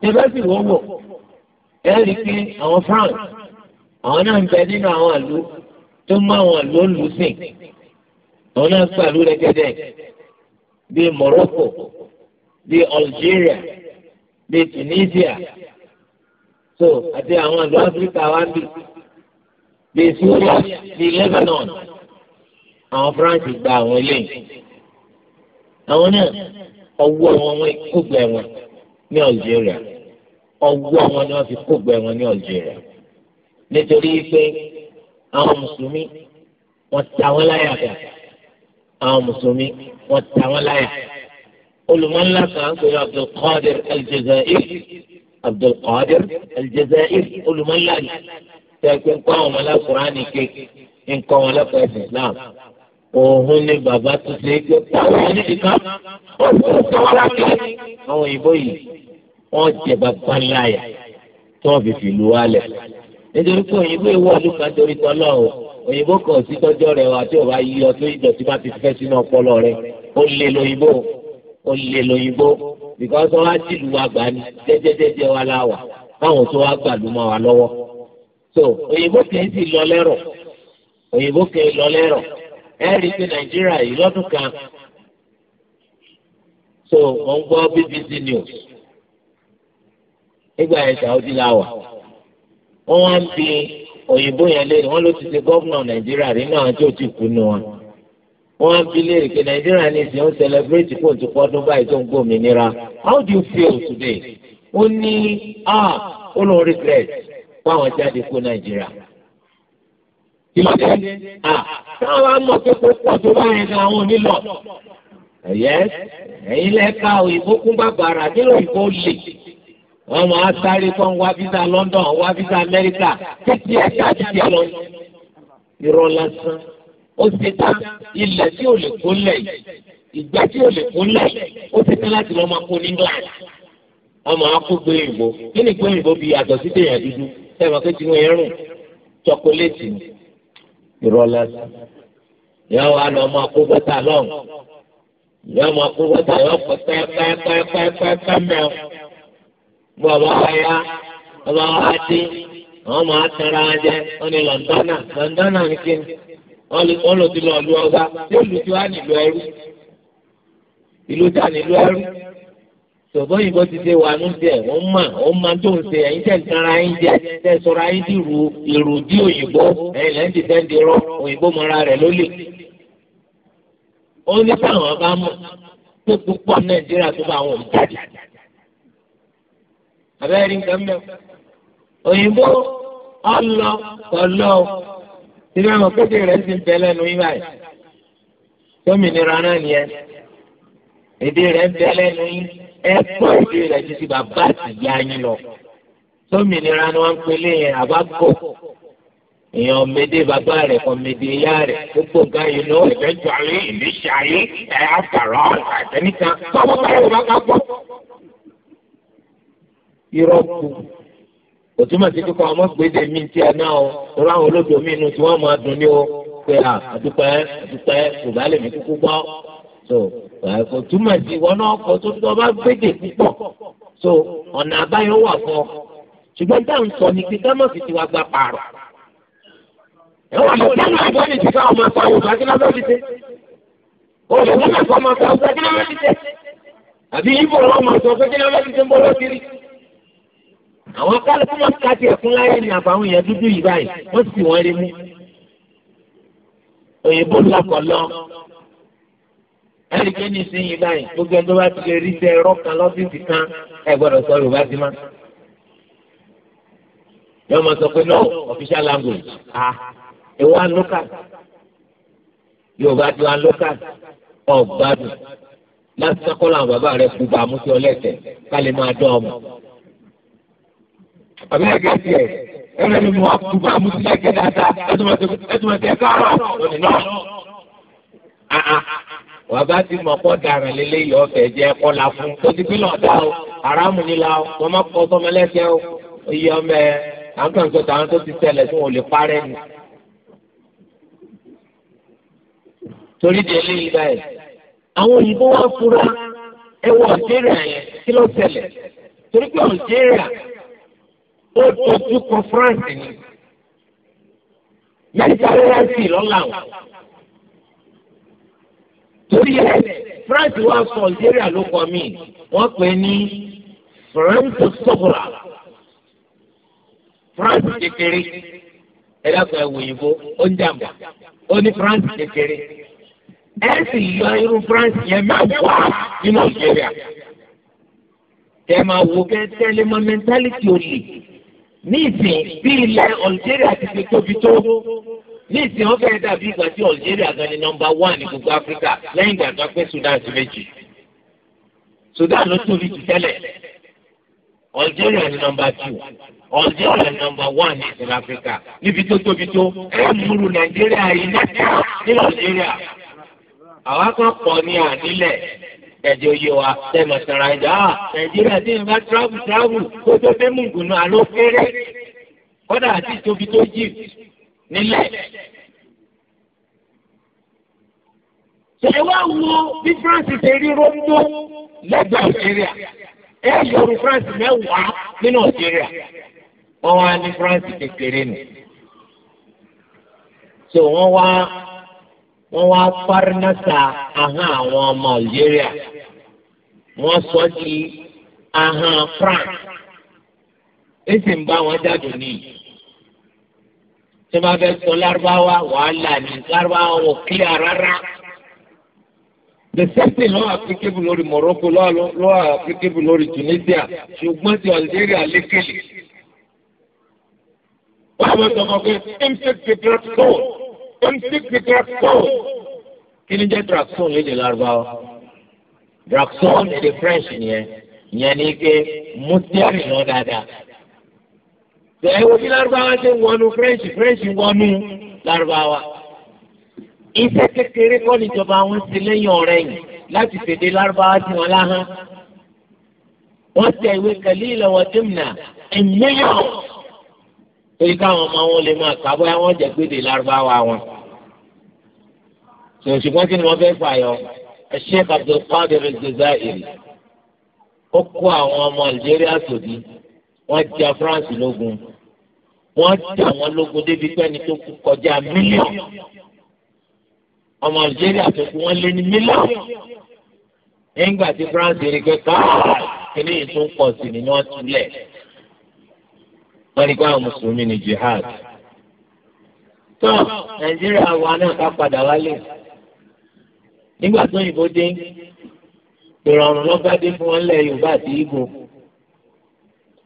tẹ́lá sì wọ́n wọ̀ ẹ rí i pé àwọn France àwọn náà ń bẹ nínú àwọn àlú tó mú àwọn àlú òǹlù sìn àwọn náà pàlú rẹ́gẹ́dẹ́ bíi Morocco bíi Algeria bíi Tunisia so àti àwọn àlú Áfíríkà wá bì bíi Syria bíi Lebanon àwọn France gba àwọn eléyìí àwọn náà ọwọ́ wọn wọn kógbẹ wọn ní Algeria ọwọ́ wọn ni wọ́n fi kógbẹ wọn ní Algeria nítorí pé àwọn mùsùlùmí wọ́n ta wọn láyà kan àwọn mùsùlùmí wọ́n ta wọn láyà olùmọ̀nlá kan ń pèrè Abdulkadir Aljazair Abdulkadir Aljazair olùmọ̀nlá yìí tẹ̀ pé ń kọ́ àwọn ọmọ alákùnrin ànìké ń kọ́ wọn lẹ́kọ̀ọ́ ẹ̀sìn Islam òun ni bàbá tó ṣe é pé táwọn oníṣẹ́ kan ó ń tó sọ́wọ́lá kí àwọn òyìnbó yìí wọ́n jẹ bàbá láyà tí wọ́n fi fìlú wálẹ̀ nítorí pé òyìnbó ìwọ ọdún kan torí tọ́lọ́ o òyìnbó kan sí tọ́jọ́ rẹ̀ wá tí ò bá yí ọ tó ìdọ̀tí bá ti fẹ́ sínú ọpọlọ rẹ̀ ó lé lóyìnbó ó lé lóyìnbó because wọ́n á tìlú wa gbà ní jẹ́jẹ́jẹ́jẹ́ wa láwà báwọn tó wá gbàlú mọ́ wa lọ́wọ́ so òyìnbó kìí sì lọ lẹ́rọ̀ òyìnbó kìí lọ lẹ́rọ̀ ẹ rí i pé nàìjíríà yìí lọ́dún kan so wọ́n gbọ́ BBC news nígbà yẹn sàwọ́dí la wà wọ́n wá ń bi òyìnbó yẹn léèrè wọ́n ló ti ṣe gọ́vnà nàìjíríà rí náà tí ò ti kú nu wọn wọ́n wá ń bi léèrè pé nàìjíríà ní ìsìn kó báyìí tó ń how do you feel today? ó ní ah ó regret fáwọn jáde kó nàìjíríà. ìmọ̀tẹ́ àwọn amọ̀ tó kó pọ̀ tó bá yẹn àwọn onílọ̀ ẹ̀yẹ́ ẹ̀yin lẹ́ka òyìnbó kún bàbàrà nínú òyìnbó lè wọ́n máa sáré kọ́ ń wá físà London wá físà Amẹ́ríkà títí ẹ̀ka títí ẹ̀ lọ irọ́ lásán ó ti ta ilẹ̀ tí ò lè kó lẹ̀ ìgbà tí ò lè kó lẹ̀ ó ti ta láti lọ́ọ́ máa kó ní England wọ́n máa kó gbé òyìnbó kí ni gbé òyìnbó bí àtọ̀ ìrọ̀lá sí yọ wà lọ ọmọ kó bọ́tà lọ́n yọ ọmọ kó bọ́tà yọ pẹ́ pẹ́ pẹ́ pẹ́ pẹ́ pẹ́ pẹ́ mẹ́ọ bó ọmọ wa ya ọmọ wa dé àwọn ọmọ atara jẹ wọn ni lọndọnà lọndọnà ní kíni wọn lò ti lọ lu ọgá tí olùtí nílùú ẹrú ìlú ta nílùú ẹrú tòbó yìnbó ti ṣe wà nù díẹ̀ ó mà ó mà tó ń ṣe ẹ̀yin tẹ̀ ń tanra yín jẹ tẹ̀ sọ̀rọ̀ ayé ti rù ìrù dí òyìnbó ẹ̀yin lẹ́yìn ti fẹ́ di rọ òyìnbó mọ́ra rẹ̀ ló lè. ó ní táwọn bá mọ̀ tó púpọ̀ nàìjíríà tó bá wọn jáde. abẹ́rẹ́ rí nǹkan mẹ́wọ́ òyìnbó ọlọ kọlọ síbi àwọn kéde rẹ̀ ti ń bẹ lẹ́nu yín báyìí tómìnira náà nìyẹn èdè rẹ̀ ń bẹ lẹ́nu yín ẹ pọ̀ ìdí rẹ̀ ju ti bàbá àtìyá yín lọ. sómìnira ni wọ́n ń pelé yẹn àbá kò èèyàn méde bàbá rẹ̀ kọ́ méde ìyá rẹ̀ gbogbo nǹkan yìí ló ẹ̀fẹ́ jọ ìlú ṣayé ẹ̀ àtàrà àtẹnìkan tọ́wọ́ báyọ̀ bá ká gbọ́. irọ́ kù kò sí kíkọ́ ọmọ gbèdé mi ti ẹ̀ náà o lọ́wọ́ àwọn olóògbé mi inú tí wọ́n máa dùn ní o pé àdúpẹ́ àdúpẹ́ kò bá lè mí kúkú gbọ́ so kò túmọ̀ sí wọn náà kọ tó tó bá gbèdè púpọ̀ so ọ̀nà àbáyọ wà fọ ṣùgbọ́n táwọn sọ ni pé dámọ̀ fi tiwa gba pààrọ̀ ẹ̀wọ̀n àwọn ọ̀gá náà bọ́ ní ìdíkà ọmọ ẹ̀kọ́ àwọn ọ̀gá kí lọ́dọ̀ ti tẹ́ olùkọ́ náà kọ́ ọmọ ẹ̀kọ́ ọ̀gá kí lọ́dọ̀ ti tẹ́ àbí ibo ọmọ ọ̀gá kí lọ́dọ̀ ti tẹ́ ń bọ́ lọ́kiri àwọn kálukú máa ka tiẹ̀ fún láyé ní àbáwọn èèyàn dúdú yìí báyìí wọ́n sì wọ́n rí mú òyìnbó ńlá lọ ẹnìkan ní ìsinyìí báyìí gbogbo ẹni tó bá ti lè rí iṣẹ́ ẹ̀rọ kan lọ́fíìsì kan ẹ gbọ́dọ̀ sọ Yorùbá sí ma. yọ ma sọ pé no official language ah ìwọ á local Yorùbá ti wá local ọ̀gbádùn láti sọ́kọ́lá àwọn bàbá rẹ̀ kú bàmú sí ọlẹ́sẹ̀ ká lè máa dán ọmọ. àbí ẹ̀gẹ́ tiẹ̀ ẹ̀rọ ni mo kú bàmú sí ẹ̀gẹ́ dáadáa ẹ̀tùmọ̀tẹ̀ ẹ̀tùmọ̀tẹ̀ káàárọ̀ lónìí náà. Ah, ah wà bá ti mọ̀ kọ́ dàrán lélẹ́ yìí ọ̀fẹ́ jẹ́ kọ́la fún tó ti fi lọ́ọ̀dá o haramu ni la o wọ́n má kọ́ sọmọ lẹ́sẹ̀ o iye ọmọ ẹ àwọn tó àwọn tó ti tẹ̀lẹ̀ tí wọ́n lè parẹ́ ni. torí di eléyìí báyìí àwọn òyìnbó wá fura ẹ wọ Algeria yẹn kí ló tẹ̀lẹ̀ torí pé Algeria ó dojú kọ France ni mẹ́ta rẹ̀ láti ìlọ́lá wọn torí ẹ̀rẹ̀ france wá sọ algeria ló kọ mí wọ́n pè ní france sọ́kùrà france kékeré ẹ̀dàkùn ẹ̀wò òyìnbó ó ń jàmbá ó ní france kékeré ẹ̀ sì yọ irú france yẹn máa wá nínú algeria kẹ́ máa wò kẹ́ tẹ́lẹ̀ mọ́ mẹ́ntálítì òní ní ìsìn bí ilẹ̀ algeria ti fi tóbi tó ní ìsìn wọn fẹ́ẹ́ dàbí ìgbà tí Algeria gan ni nọ́mbà one ní gbogbo Áfíríkà lẹ́yìn ìgbà tó pé Sudan ti méjì Sudan ló tóbi jù tẹ́lẹ̀ Algeria ni nọ́mbà two Algeria ni nọ́mbà one ní ìsìn Áfíríkà níbi tó tóbi tó ẹ múru Nàìjíríà yìí nẹ́tà ní Algeria àwa kan pọ̀ ní ànílẹ̀ ẹ̀jẹ̀ oyè wa tẹ̀mọ̀ sara ẹ̀jẹ̀ ah Nàìjíríà tí n travel travel kó tó dé mùgùnú àlọ́ kéré kódà àti ìtóbi tó jì nílẹ̀. ṣèwá wo bí France ṣe rí róńdó lẹ́gbẹ̀ẹ́ Algeria ẹ yọrù France mẹ́wàá nínú Algeria wọ́n wá ní France kékeré nù. so wọ́n wá wọ́n wá fárínàṣà ahọ́n àwọn ọmọ Algeria wọ́n sọ di ahọ́n France èsì ń bá wọn jáde nìyí. tí wọ́n bá fẹ́ sọ lárúbáwá wàhálà ní lárúbáwá wò kílíà rárá. the same thing lọ́wọ́ applicable lórí Morocco lọ́wọ́ applicable lórí Tunisia ṣùgbọ́n ti Algeria lékele. wọ́n á bọ̀ sọ́kọ̀ pé mtc the transport mtc the transport kí ni jẹ́ traction lédè lárúbáwá traction èdè French nìyẹn ìyẹn ni pé mutiari lọ dáadáa bẹ́ẹ̀ wo bí lárúbáwá ṣe ń wọnú french french wọnú lárúbáwá. iṣẹ́ kékeré kọ́ níjọba wọn ti lẹ́yìn ọ̀rẹ́ yìí láti fèdè lárúbáwá sí wọn láhán. wọ́n tẹ ìwé kẹ̀lí ìlọ́wọ́ dìmnà ẹ̀mílíọ̀n. torí káwọn ọmọ wọn lè máa kà bóyá wọ́n jẹ́ gbèdè lárúbáwá wọn. ṣùgbọ́n kí ni wọ́n fẹ́ fàyọ? Sheikh Abdul Qadir al-Jazairi wọ́n ja France lógun wọ́n ja wọn lógun débi pé ẹni tó kú kọjá mílíọ̀n ọmọ Algeria tó kú wọ́n lé ní mílíọ̀n nígbà tí France rí pé kíní yìí tún pọ̀ sí ni wọ́n túlẹ̀ wọ́n rí pé mùsùlùmí ni jihad tó Nàìjíríà wa náà ká padà wálé nígbà tó yìnbó dé ìrọ̀rùn lọ́gbàdé fún wọn lẹ̀ Yorùbá àti Ìgbò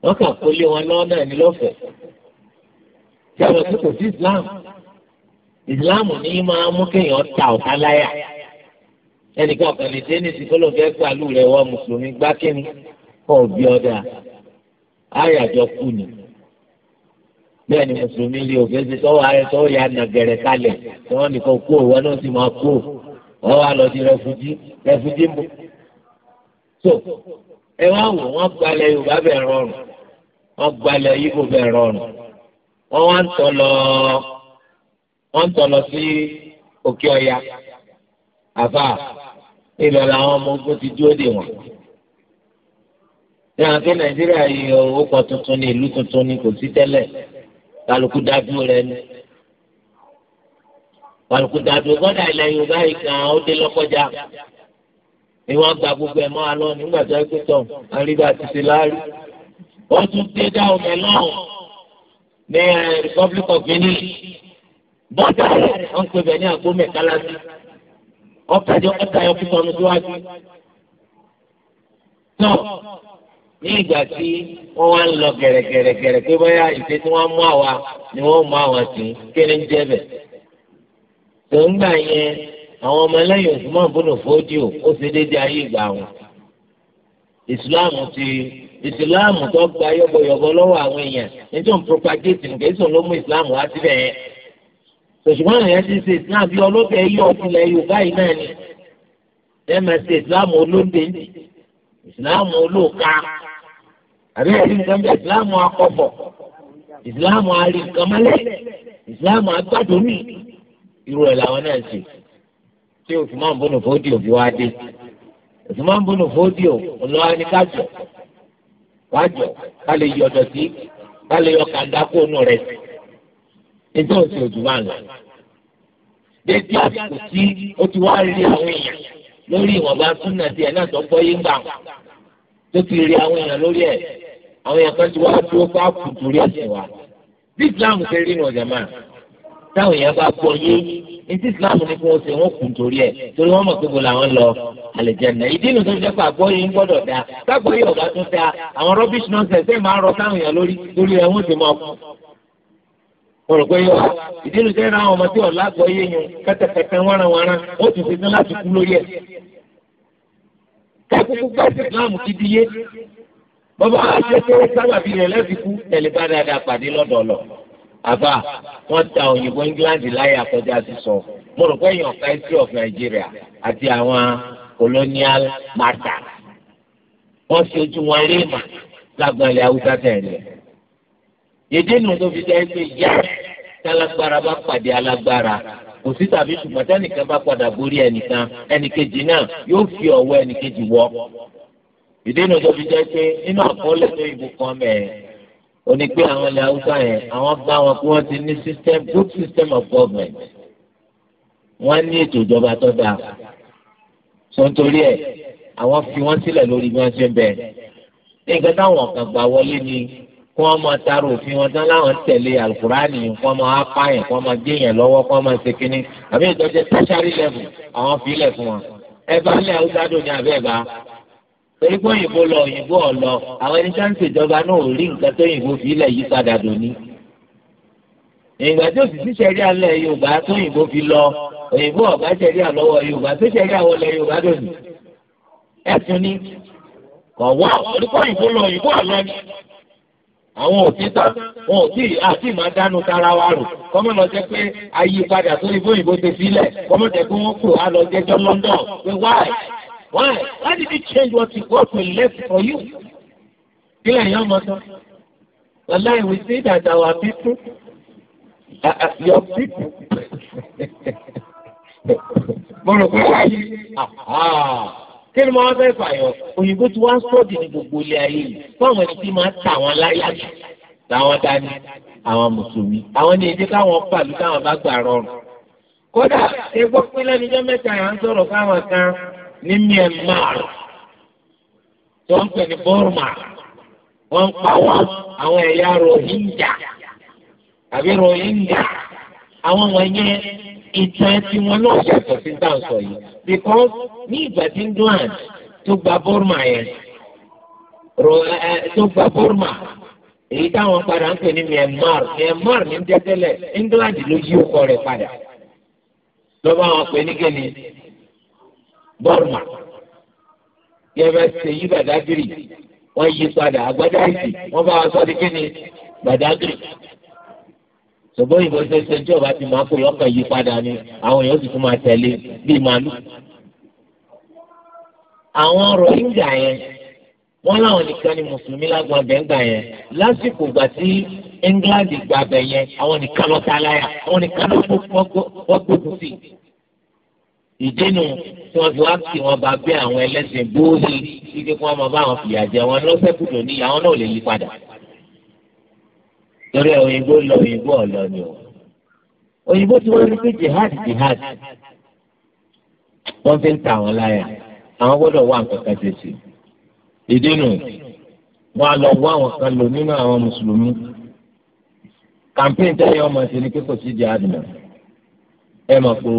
wọ́n kàn kó lé wọn lọ́wọ́ náà ní lọ́fẹ̀ẹ́ yàtọ̀ sí kò sí islam islam ní máa mú kéèyàn ta ọ̀tá láyà ẹnìkan kan lè dé ní ìsìnkọ́lọ́ fẹ́ pàlú rẹ̀ wọ́n mùsùlùmí gbá kínní kọ́ òbí ọ̀dà ayàjọ kù ni bẹ́ẹ̀ ni mùsùlùmí lè òfin ṣe tọ́wọ́ ayẹ tọ́wọ́ ya nàgẹ̀rẹ̀ kalẹ̀ tí wọ́n nìkan kú òwò náà sì máa kú ọ̀ wá lọ sí rẹfújí rẹfújí mbọ. so ẹ wá wò wọ́n gbalẹ̀ Yorùbá bẹ̀ rọrùn wọ́n gbalẹ̀ ibo bẹ́ẹ̀ rọrùn wọ́n wá ń tọ̀ lọ wọ́n ń tọ̀ lọ sí òkè ọ̀yà àfà ìlọ làwọn ọmọ ogun ti dúró dè wọ́n. ní àwọn akẹ́ nàìjíríà yìí owó kan tuntun ní ìlú tuntun ní kò sí tẹ́lẹ̀ kálukú dájú rẹ ni kálukú dájú gbọ́dọ̀ ilẹ̀ yorùbá yìí kan ó dé lọ́kọjá ni wọ́n gba gbogbo ẹ̀ mọ́ alọ́ nígbà tó ẹ pé tọ̀ àríwá ti ti láárí ó tún dé dáhùn mẹ́lọ́ọ̀ ní eh, Republic of Benin bọ́dà wọn pè bẹ́ẹ̀ ní àgbọ̀mẹ̀ kálásì ọ̀kadì ọ̀kadì ọ̀kútọ̀ ọ̀nù síwájú. náà ní ìgbà tí wọ́n wá ń lọ gẹ̀rẹ́gẹ̀rẹ́gẹ̀rẹ́ pé bóyá ìṣe tí wọ́n mú àwa ni wọ́n mú àwa sí kéde ń jẹ́ bẹ̀. tó ń gbà yẹn àwọn ọmọlẹ́yìn Usman bùnú fódìò ó ṣe déédéé ayé ìgbà wọn. ìsìláàmù ti ìsìláàmù tó gba yọ̀bọ̀yọ̀bọ̀ lọ́wọ́ àwọn èèyàn nítorí propagate nìkan èso ló mú ìsìláàmù wá síbẹ̀ yẹn tòṣùgbọ́n àwọn èèyàn ti ṣe ìsìláàmù bí ọlọ́bẹ̀ yọ ọ̀túnlẹ̀ yorùbá yìí náà ni ẹ máa ṣe ìsìláàmù olóde ìsìláàmù olóòka àbí ẹ̀rí nǹkan bí ìsìláàmù akọ̀bọ̀ ìsìláàmù arí nǹkan mọ́lẹ̀ ìsìláàmù agbádùnmí irú ẹ̀ làwọn náà ṣe tí òfin máa ń bọ́nù fódìò bí wá dé òfin máa wọ́n á jọ ká lè yọ ọ̀dọ̀ sí ká lè yọ kàńdá kó nù rẹ̀ sí. ètò òsì òjò máa lọ. dédé àsìkò tí ó ti wá rí àwọn èèyàn lórí ìwọ̀nba súnà tiẹ̀ náà tó gbọ́ yín gbà tó ti rí àwọn èèyàn lórí ẹ̀ àwọn èèyàn kan ti wá dúró bá kùtù rí ẹ̀sìn wa. bí Islam ṣe rí nù ọ̀jẹ̀ máa táwọn èèyàn bá gbọ́ yín etí islam ni kí wọ́n ṣe wọ́n kùn torí ẹ̀ torí wọ́n mọ̀ pé bó làwọn lọ àlùjánnà ìdí nu tó ń jẹ́pọ̀ àgbọ̀ yìí ń gbọ́dọ̀ dáa gbàgbọ́ yìí ọ̀gá tó dáa àwọn rubbish nonsense ẹ̀ máa rọ sáwọn èèyàn lórí torí ẹ̀ wọ́n ti mọ̀ ọkùn. mo rò pé yóò ìdí nu sẹ́ra àwọn ọmọ tí ọ̀la àgbọ̀ yìí yun kẹ́tẹ́kẹ́tẹ́ wọ́nranwọ́nran ó ti ṣetán láti kú lórí ẹ̀. kẹ́kúkú gbà sí islam ti bàbá àṣẹ tó sábàbí rẹ̀ lẹ́sìkú àbá wọ́n ta òyìnbó England láyé àkọjá sísọ mo rò pé èèyàn ka history of Nigeria àti àwọn colonial matter wọ́n fi ojú wọn rí mà lágbọn ilẹ̀ haúsá tẹ̀lé yèdè nù tó fi jẹ́ pé yá tálágbára bá pàdé alágbára kò sí tàbí ṣùgbọ́n tẹ́nìkan bá padà borí ẹnìkan ẹnìkejì náà yóò fi ọ̀wọ́ ẹnìkejì wọ́ ìdènà tó fi jẹ́ pé nínú àkọọ́lẹ̀ tó ìbò kan mẹ́ẹ̀ ó ní pé àwọn ilẹ̀ haúsá yẹn àwọn bá wọn pé wọ́n ti ní system good system of government wọ́n ní ètò ìjọba tó dáa sọ nítorí ẹ̀ àwọn fi wọ́n sílẹ̀ lórí bí wọ́n ṣe ń bẹ̀ nǹkan táwọn kan gbà wọlé ni kí wọ́n máa taro òfin wọn tán láwọn ń tẹ̀lé alukurani kí wọ́n máa pààyàn kí wọ́n máa gbéyàn lọ́wọ́ kí wọ́n máa ṣe kínní àbí ìtọ́jú tertiary level àwọn fi ilẹ̀ fún wọn ẹ bá ilẹ̀ haúsá dùn ní abẹ́ bá torí pé òyìnbó lọ òyìnbó ọ̀lọ àwọn ẹni tí wọ́n ń ṣèjọba náà ò rí nǹkan tó òyìnbó fi ilẹ̀ yí padà dòní. ìgbà tó sì sí sẹ́rí alẹ́ Yorùbá tó òyìnbó fi lọ òyìnbó ọ̀gá sẹ́rí àlọ́wọ́ Yorùbá tó sẹ́rí àwọlẹ̀ Yorùbá dòní. ẹ̀sùn ni kò wá torí pé òyìnbó lọ òyìnbó ọ̀lọ ni. àwọn ò títà wọn ò tí àti máa dánú tara wa rò kọ́mọ́ lọ jẹ́ pé ayípadà tó òyìnbó òyìnbó ti fi ilẹ̀ kọ́mọ́ jẹ́ pé wọ́n kò wá lọ jẹ́jọ́ London pé wáì Why? Why did you change what you what we left for you? Kílẹ̀ yẹn ọmọ sọ. Wallahi we see that our people, uh, uh, your people. Mo rò pé wáyé. Kí ni mo wá fẹ́ fàyọ̀? Òyìnbó ti wá sọ́ọ̀dì ní gbogbo ilé ayé yìí. Fáwọn ẹni tí máa ń ta àwọn láyà jù làwọn dání àwọn mùsùlùmí. Àwọn ní èdè káwọn pàlú táwọn bá gbà rọrùn. Kódà, egbò pínlẹ̀ níjọ́ mẹ́ta yà ń sọ̀rọ̀ fáwọn kan ní Myanmar tó ń pè ní Burma wọ́n ń pa wá àwọn ẹ̀yà Rohingya àbí Rohingya àwọn wọ̀nyẹn ìtàn tí wọn náà yàtọ̀ sí dáǹsọ yìí because ní ìgbà tí England tó gba Burma yẹn tó gba Burma èyí táwọn padà ń pè ní Myanmar Myanmar ní jẹ́tẹ́lẹ̀ England ló yí ọkọ rẹ̀ padà lọ́ba àwọn pè ní gẹ́ni Burma yẹ bá ṣe yí Badagiri wọ́n yí padà agbádá ìsì wọ́n bá wa sọ di kí ni Badagiri ṣùgbọ́n ìbò ṣe ṣe tí ọba ti máa kó yọkàn yí padà ni àwọn èèyàn sì tún máa tẹ̀lé bíi màálù. àwọn Rohingya yẹn wọ́n láwọn nìkan ni mùsùlùmí lágbọn abẹ́ǹgbà yẹn lásìkò ìgbà tí England gba abẹ yẹn àwọn nìkan lọ́ta láyà àwọn nìkan lọ́gbọ́gbọ́gbọ́ sí i ìdínú tí wọn fi wá sí wọn bá bẹ àwọn ẹlẹ́sìn bóòlì kíkẹ kí wọn máa bá àwọn fìyà jẹ wọn lọsẹ kùdò ní àwọn náà lè yí padà torí òyìnbó lọ òyìnbó ọlọ ni o òyìnbó tí wọn rí pé jihad jihad wọn fi ń ta àwọn láyà àwọn gbọ́dọ̀ wá nǹkan kan ṣe sí ìdínú wọn lọ wá àwọn kan lò nínú àwọn mùsùlùmí kàmpéǹtì ayé ọmọ ṣe ni sí jihad náà ẹ mọ̀ pé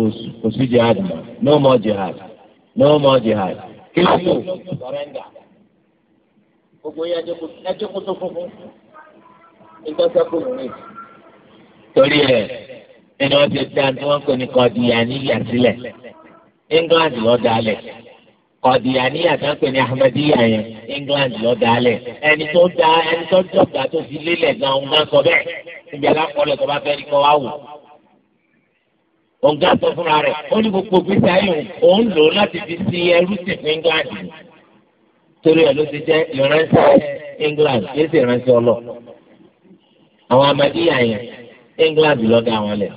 kò sí jihad mọ́ no more jihad no more jihad kí ló yóò sọ̀rẹ́ndà gbogbo yẹn ẹjọ́ kó tó funfun nígbà sẹ́kù mi. torí ẹ ẹni wọn ti dá tí wọn kò ní kọdíyàníyà sílẹ̀ England lọ dálẹ̀ kọdíyàníyà tí wọn kò ní Ahmadiyya yẹn England lọ dálẹ̀ ẹni tó dá ẹni tó jọba tó fi lélẹ̀ gan-an sọ bẹ́ẹ̀ ìgbàlá kọlẹ̀ tó bá fẹ́ kọ́ wá wò ọ̀gá sọ fúnra rẹ̀ ó ní gbogbo gbèsè ayé òun lò láti fi sí ẹrú sí fún England torí ẹ̀ ló ti jẹ́ ìránṣẹ́ England kìí sì ìránṣẹ́ ọlọ àwọn amadíyà yẹn England lọ́dọ̀ àwọn lẹ̀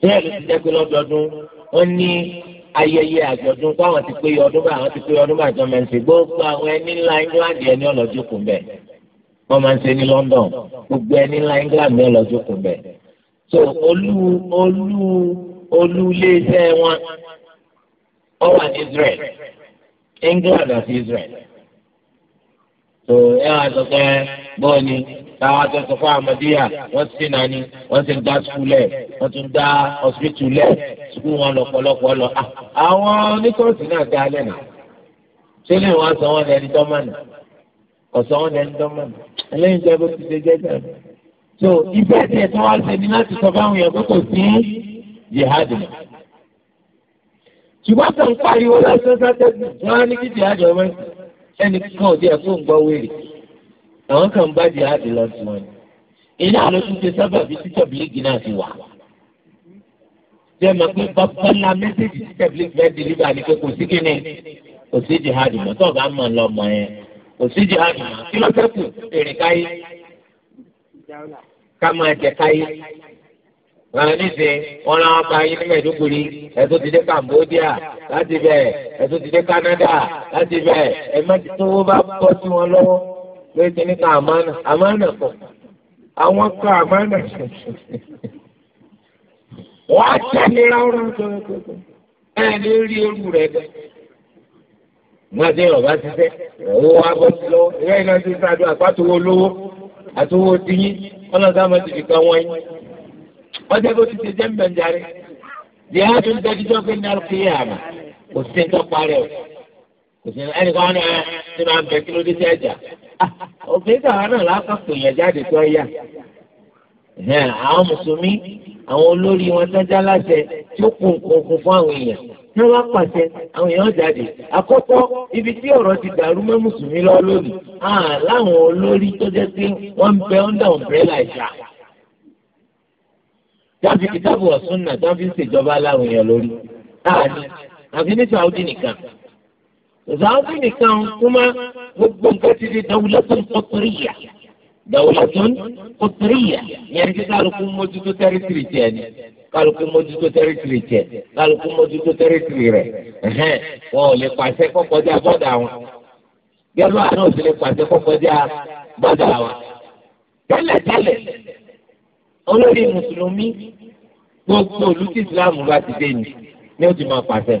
torí ẹ̀ ló ti jẹ́ pé lọ́dọọdún wọ́n ní ayẹyẹ àjọ̀dún kó àwọn ti pé ọdún bá àwọn ti pé ọdún bá àjọ mẹ́ǹsì gbogbo àwọn ẹni ńlá England ẹni ọlọ́jọ́ kù bẹ́ẹ̀ wọ́n máa ń ṣe ní London gbogbo ẹni ńlá England ẹni ọlọ́jọ́ kù bẹ́ẹ̀ so olú olú olú iléeṣẹ́ wọn ó ní Israel England àti Israel so ẹ wá sọ pé bọ́ọ̀ni táwọn akẹ́kọ̀ọ́ fún amadíyà wọ́n ti nà ní wọ́n ti dá sukùlẹ̀ wọ́n tún dá ọ̀sìpìtì lẹ̀ sukùl wọn lọ́pọ̀lọpọ̀ lọ. Ah, àwọn oníkọ́ọ̀sì náà dá alẹ́ nà ṣé lè wọ́n sọ wọn lẹ́ni dọ́mọ̀nà ọ̀sán wọn lẹ́ni dọ́mọ̀nà ẹlẹ́yin jẹ́ bó ti ṣe jẹ́ jẹ́ rẹ̀ so ibẹ̀ tí ẹ̀ tún wá ṣe ni láti sọ fáwọn èèyàn pé kò sí jihad mọ́. ṣùgbọ́n tó ń pariwo lọ́sọ̀ sátẹ́gì wọn á ní kí jihad ọmọ ẹni kan ò díẹ̀ fún gbọ́ wèrè àwọn kan bá jihad lọ sí wọn. iná ló tún ṣe sábà bí títọ̀ bí igi náà ti wà. jẹ́ mọ̀ pé babalá mẹ́sẹ̀gì títọ̀ bí igi náà délíbà ni pé kò sí kíni kò sí jihad mọ́ tó ọ̀gá mọ̀ lọ́mọ yẹn kò sí jihad mọ́ kí lọ́sẹ̀ kù èrè káyé ká máa jẹ káyé wọn nísìnyí wọn náà wọn bá yín ní mẹdúgbòrí ẹtú ti dé Cambodia láti bẹ̀ ẹtú ti dé Canada láti bẹ̀ ẹ má ti tó wọn bá bọ́ sí wọn lọ́wọ́ lórí ti ní ká àmánà àmánà kọ àwọn kọ àmánà wọn á tẹ̀lé ráúrá tó ẹ ní rí ewu rẹ bẹ wọn àti ọba ti fẹ owó wa bọ́ sí lọ́wọ́ ìyá iná ti sáájú àpá tó wọ lówó àti owó ti yín wọn náà sáà máa ti fi kan wọn yín wọn jẹ kó ti ṣe jẹ ń bẹ ń darí di á tún dájú tó fi ń darí fi yà mà kò sí tó parẹ o kò sí ẹnì kan náà ti ah, máa bẹ kí ló dé sí ẹjà ah, òfin kàwá náà lákàtò yẹn jáde tó yà àwọn mùsùlùmí àwọn olórí wọn sájà láṣẹ tí ó kún kún fún àwọn èèyàn ní wọ́n pàṣẹ àwọn èèyàn jáde àkọ́kọ́ ibi tí ọ̀rọ̀ ti dàrú mọ́ mùsùlùmí lọ lónìí láwọn olórí tó jẹ́ pé wọ́n ń bẹ ọ́ndà ọ̀mbrẹ́là ìjà jáfi kìtàbù ọ̀sùn náà jáfi ń ṣèjọba láwọn èèyàn lórí láàánú àfi ní Saudi nìkan Saudi nìkan kúmá gbogbo nǹkan ti di dawlatul qatariyya dawulatun kuturiya yẹn ti kálukú mójútó tẹrítìrì tiẹ̀ ni kálukú mójútó tẹrítìrì tiẹ̀ kálukú mójútó tẹrítìrì rẹ̀ ẹ̀hẹ́n wọn ò lè pàṣẹ kọkọjá bọ́dà wọn gẹ́gẹ́ àwọn ò sì lè pàṣẹ kọkọjá bọ́dà wọn. tẹ́lẹ̀tẹ́lẹ̀ olórí mùsùlùmí gbogbo olùsí ìsìláàmù bá ti dé ni ni ó ti máa pàṣẹ.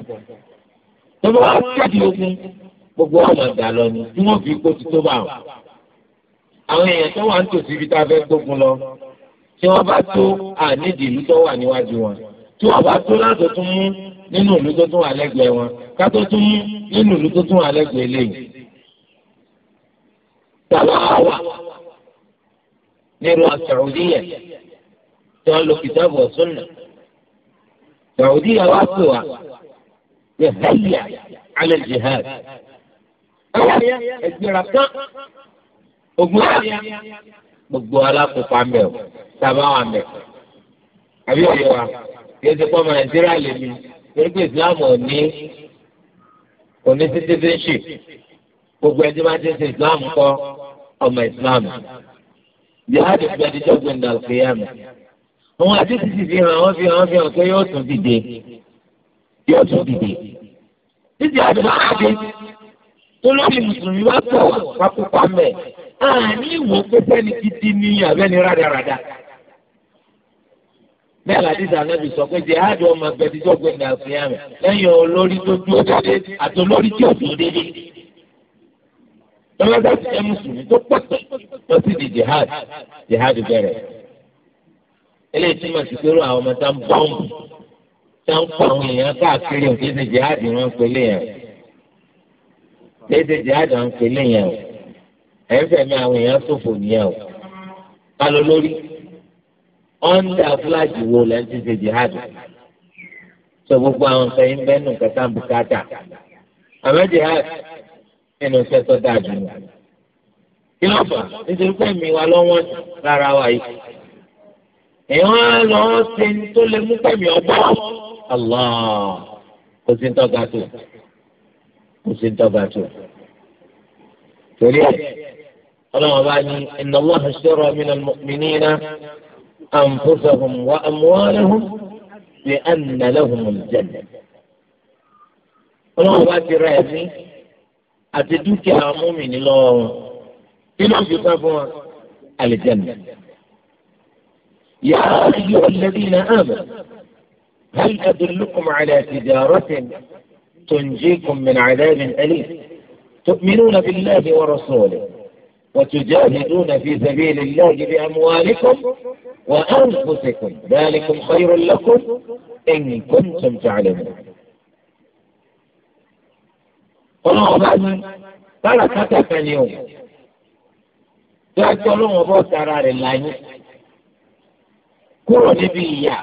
tọ́wọ́ á kẹ́dì ogun gbogbo ọmọ ìdálọ́ni tí wọ́n fi kó ti bá wọn àwọn èèyàn tó wà ń tòsí ibi tá a fẹ́ gbógun lọ tí wọ́n bá tó ànídìí ìlú tó wà níwájú wọn tí wọ́n bá tó láti tún mú nínú ìlú tó tún wà lẹ́gbẹ̀ẹ́ wọn ká tó tún mú nínú ìlú tó tún wà lẹ́gbẹ̀ẹ́ lẹ́yìn. tàbá wà nínú Saudiya tí wọ́n lo kìtàbù ọ̀sùnà Saudiya wá pè wá ní hayya ala jihad. ẹgbẹ́ra kan ogun gbogbo alákòópa mẹ o sábà wà mẹ àbí òye wa yóò ti pọ́ nàìjíríà lèmi torí pé islam ò ní kò ní citizenship gbogbo ẹni máa ń ṣe islam kọ ọmọ islam jihad ìgbàdíjọ́ gbẹ̀ndà kéyàmù àwọn àdéhùn ti fi hàn wọ́n fi hàn wọ́n fi hàn pé yóò tún dìde yóò tún dìde títí àdúrà àdé tó mùsùlùmí wá pọ̀ wá kópa mẹ́ẹ̀. àní ìwò pépé ni títí ní abẹ́ni rádaràda. bẹ́ẹ̀ làdísà anábì sọ pé jẹ́ àjọ ọmọ abẹ́tíjọ́ gbẹ̀dẹ̀ àfihàn olórí tó dúró déédéé àti olórí tí ò dúró déédéé. lọ́wọ́dá ti jẹ́ mùsùlùmí tó pọ̀tẹ́ lọ sí di jihad jihad bẹ̀rẹ̀. eléyìí àwọn ọmọ tá ń tá ń àwọn èèyàn káàkiri ẹ̀ ń fẹ̀mí àwọn èèyàn ṣòfò nìyẹn o ká ló lórí ọ́ndà fúláàjì wo lẹ́ ń ti ṣe jihad sọ gbogbo àwọn nǹkan yín bẹ́ẹ̀ nù kẹta ń bùkátà àmọ́ jihad nínú iṣẹ́ tó dáa jù lọ kí ló fà nítorí pé mi wà lọ́wọ́ lára wa yìí èèyàn á lọ ṣe tó lè mú pẹ̀mí ọgbọ́n allah kò sí ń kò sí ń tọ́ga tó torí اللهم بارك ان الله اشترى من المؤمنين انفسهم واموالهم بان لهم الجنه اللهم بارك رأيتي اتدوك يا مؤمن الله الى كتاب الجنه يا ايها الذين امنوا هل ادلكم على تجاره تنجيكم من عذاب اليم تؤمنون بالله ورسوله وتجاهدون في سبيل الله بأموالكم وأنفسكم ذلكم خير لكم إن كنتم تعلمون ọlọ́run bá ní bára kátàkà ni o tó a jọ ọlọ́run bọ́ sára rẹ̀ láyé kúrò níbi ìyá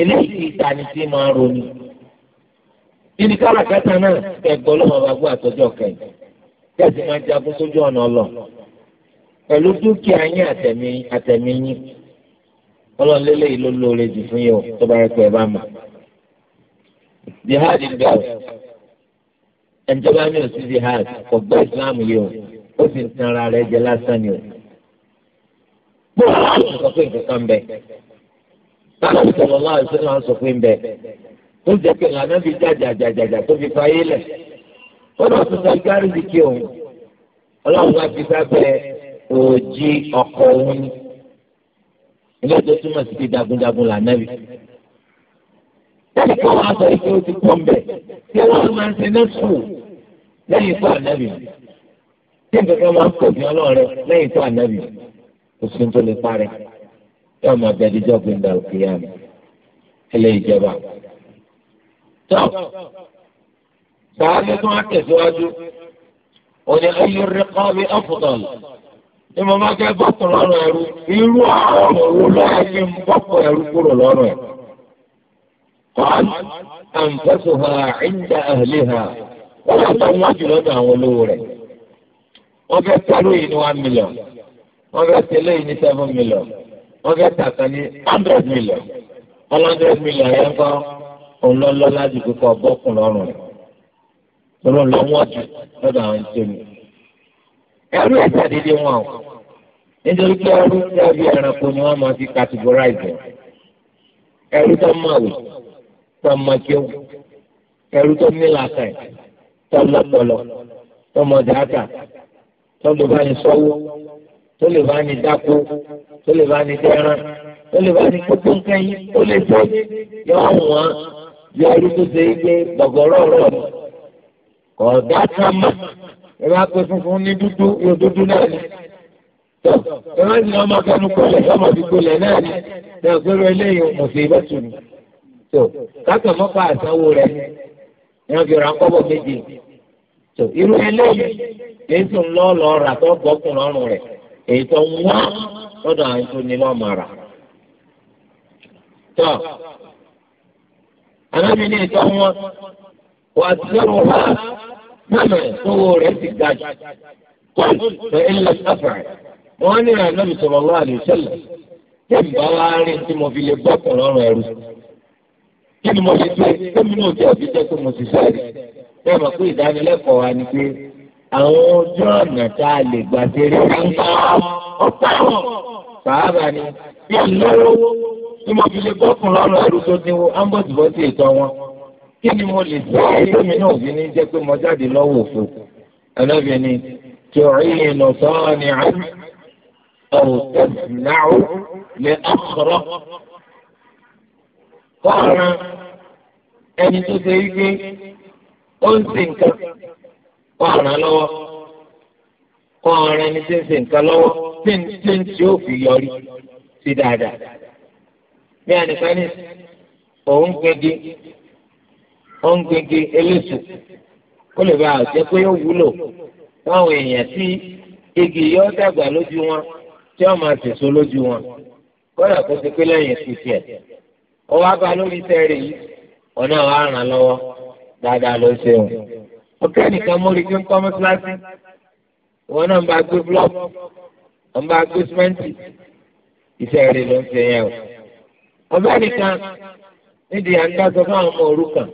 eléyìí ti ta tí máa ronú nínú kárakáta náà ẹgbọ́ ọlọ́run bá gbọ́ àtọ́jọ́ kẹ́yìn kẹ́sì máa jagun sójú ọ̀nà ọlọ pẹ̀lú dúkìá yín àtẹ̀mí àtẹ̀mí yín ọlọ́run lélẹ̀ yìí ló lóore jù fún yín o tó bá yẹ pé ẹ bá mọ̀. jihad ń bẹ̀rù ẹ̀jọba mi ò sí jihad kò gbọ́ islam yìí o ó sì ń tan ara rẹ̀ jẹ lásán ni o. bóòlù àwọn sọ pé nǹkan kan bẹ báwo ni sọlọ́lá àìsàn náà sọ pé ń bẹ tó jẹ́ pé lànà bíi jàjàjàjà tó fi fa yé lẹ̀ ó lọ tún sọ igá rìndì kí òun ọlọ́run wá fi sábẹ́ òòjì ọkọ̀ òun ni ilé tó túmọ̀ sí ti jagunjagun lànàbì. lẹ́yìn kan wàá sọ ike ó ti pọ̀ mbẹ́ tí wọ́n máa ń ṣe ní sùn lẹ́yìn tó ànábì tí nǹkan kan máa ń pọ̀ bí ọlọ́run lẹ́yìn tó ànábì kò sí tó lè parẹ́ yóò máa bẹ ẹdíjọ́ gbẹ̀ndà òkè yá mi ẹlẹ́yìí sàábí tó wá tẹ̀síwájú òní ayé rẹ̀kọ́ mi ọ̀fọ̀dọ̀lù ní mo máa fẹ́ bọ́pọ̀ lọ́rùn ẹ̀rú irú àwọn òwò lọ́wọ́ kí bọ́pọ̀ ẹ̀rú kúrò lọ́rùn ẹ̀. ha أنفسها عند أهلها wọ́n tó wọ́n jù àwọn olówó rẹ̀. wọ́n fẹ́ one million wọ́n fẹ́ tẹ́lú seven million wọ́n fẹ́ tàkà hundred million hundred million yẹn kọ́ lọ́rùn lọ́wọ́ lọ wọ́n jù lọ́dọ̀ àwọn ìjọba. ẹrú ẹ̀sà dédé wọn o nítorí pé ẹrú ẹrú ẹranko ni wọ́n máa fi categorize ẹrú tó máa wò tó máa kéwò ẹrú tó ní làákàyè tó lọ́pọlọ tó mọ̀ dáàtà tó lè bá ní sọ́wọ́ tó lè bá ní dáko tó lè bá ní dẹ́rán tó lè bá ní gbogbo nǹkan yìí lè tọ́jú yọ àwọn yọ ẹrú tó ṣe é gbé gbọ̀gbọ̀rọ̀ rọ̀ ni kọ̀ọ̀dá sámà ẹ bá pé funfun ní dúdú yóò dúdú náà ni. tó ẹ má sì ní ọmọ akẹ́nu kọlẹ̀ ọmọ àdúgbòlẹ̀ náà ni náà gbẹ́rọ eléyìí mọ̀sẹ̀ ìbẹ́tù ni. tó kákan mọ́fà àsanwó rẹ̀ ni wọ́n fi ra kọ́bọ̀ méje. tó irú eléyìí èyí tó ń lọ́ lọ rà tó gbọ́kùn lọ́rùn rẹ̀ èyí tó ń wá lọ́dọ̀ àwọn tó ní وأكثرها مهما هو رئيس الداج قل فإن لم أفعل وأنا النبي صلى الله عليه وسلم كم بواري أنت ما في لبك ولا يرسل كم ما في كم من وجه في تكون كما قلت ìdánilẹ́kọ̀ọ́ wa ni pé àwọn ojú ọ̀nà tá a lè gbà ṣeré kánká ọ̀pọ̀ sàábà ni bí ìlú tí mo kí ni mo lè sọ kí mi náà fi ní jẹ́ pé mo jáde lọ́wọ́ òfin ẹlẹ́bi ni تعين صانعا أو تصنع لأخرى قال أن تزيدي قلت إنك قال لو قال أن تزيدك لو تنتشو في يوري سدادا يعني كان òun gbẹgẹ ó eleso gbégi eléso kó lè bá àjẹ pé ó wúlò fáwọn èèyàn tí igi yọ dàgbà lójú wọn tí wọn máa tèso lójú wọn kódà kó ti pé lẹ́yìn ti tiẹ̀ ó wá bá lórí tẹrẹ yìí ọ̀nà wa ràn lọ́wọ́ dáadáa ló ṣe o ọkẹ́ nìkan mórí kí ń kọ́ mọ́sálásí wọn náà ń bá gbé búlọ́ọ̀kù ń bá gbé símẹ́ǹtì iṣẹ́ ló ń ṣe yẹn o ọbẹ̀ nìkan nídìí à ń dá sọ fún àwọn ọmọ òrukàn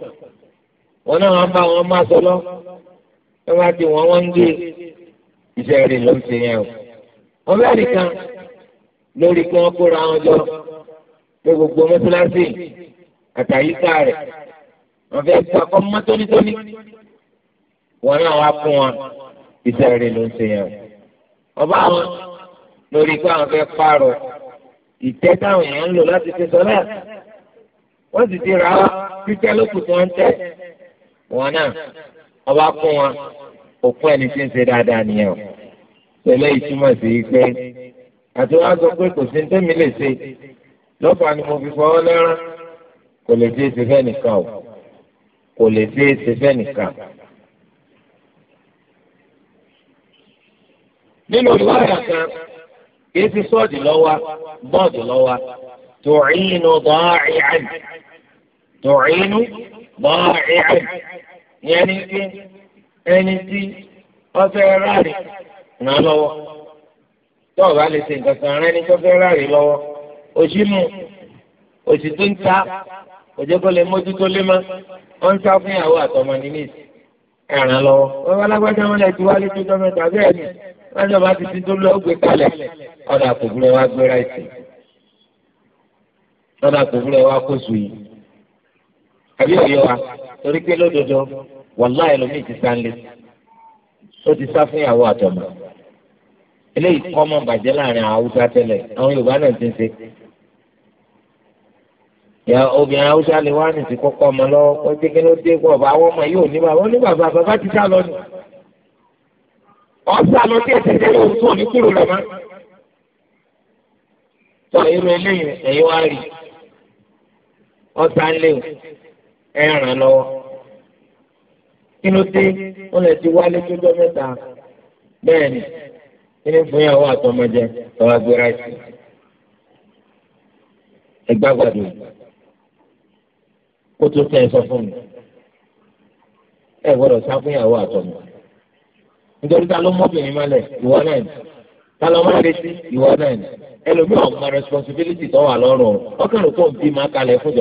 wọn náà wọn bá wọn má sọ lọ ẹ wá di wọn wọn ń gbé iṣẹ́ rẹ̀ ló ń ṣe yẹn o wọn bá rí kan lórí kí wọn kóra wọn jọ pé gbogbo mọ́tíláṣí àtàyíká rẹ̀ wọn fẹ́ẹ́ gba kọ mọ tónítóní wọn náà wá fún wọn iṣẹ́ rẹ̀ ló ń yẹn o ọba wọn lórí kí wọn fẹ́ẹ́ pààrọ̀ ìtẹ́ táwọn èèyàn ń lò láti ṣe sọlá wọn sì ti rà á títẹ lókùn wọn tẹ wọn náà ọba kún wọn òkú ẹni tí ń ṣe dáadáa nìyẹn o tẹ́lẹ̀ ìtumọ̀ sí i pé àti wọn á sọ pé kò sí ní tẹ́mi lè ṣe lọ́fà ni mo fi fọwọ́ lẹ́rán kò lè ṣe é ṣe fẹ́ nìkan o kò lè ṣe é ṣe fẹ́ nìkan. nínú ìwádìí kan kìí ti sọ́ọ̀dì lọ́wọ́ bọ́ọ̀dì lọ́wọ́ tòrínú dọ́ọ̀rì àná tòrínú bọ́ọ̀rẹ́ yẹn ni ẹni tí wọ́n lọ́wọ́ tó o bá lè ṣe nǹkan kan rẹ́ni tó fẹ́ ráàlì lọ́wọ́ òṣì mu òṣì tó ń ta òjò mójútó lé má ń sá fún ìyàwó àtọmọ ní nìyí wọ́n lágbájá wọn lè ti wọ́n jọba ti ti dúró ó gbé kalẹ̀ ọ̀dà kò gbúrẹ́ wá àbí òye wa torí pé lódodo wàhálà ẹlòmíì ti sá lé ó ti sá fún ìyàwó àtọmọ eléyìí kọ́ mọ́ bàjẹ́ láàrin àwọn haúsá tẹ́lẹ̀ àwọn yorùbá náà ti ń ṣe ìyá obìnrin haúsá lè wá ní ti kọ́kọ́ ọmọ lọ́wọ́ kó dé kí ló dé kó ọba àwọn ọmọ yóò ní bàbá ó ní bàbá bàbá ti sá lọ ni ọ lọ sí ẹsẹ̀ tẹ́lẹ̀ òun tó ní kúrò lọ́mọ sọ irú eléyìí ẹ̀yin wá rí ọ sá ẹ ràn án lọ́wọ́ kí ló dé wọn lè ti wálé tójọ́ mẹ́ta bẹ́ẹ̀ ni kí ni fún yàwó àtọmọdé sí sọ fún mi ẹ gbọ́dọ̀ sá fún yàwó àtọmọ nítorí ta ló mọ́bìnrin mọ́lẹ̀ ìwọ náà ni ta ló máa retí ìwọ náà ni ẹlòmíràn ọmọ responsibility wà lọ́rùn ọkàn ló kó ń bí kalẹ̀ fún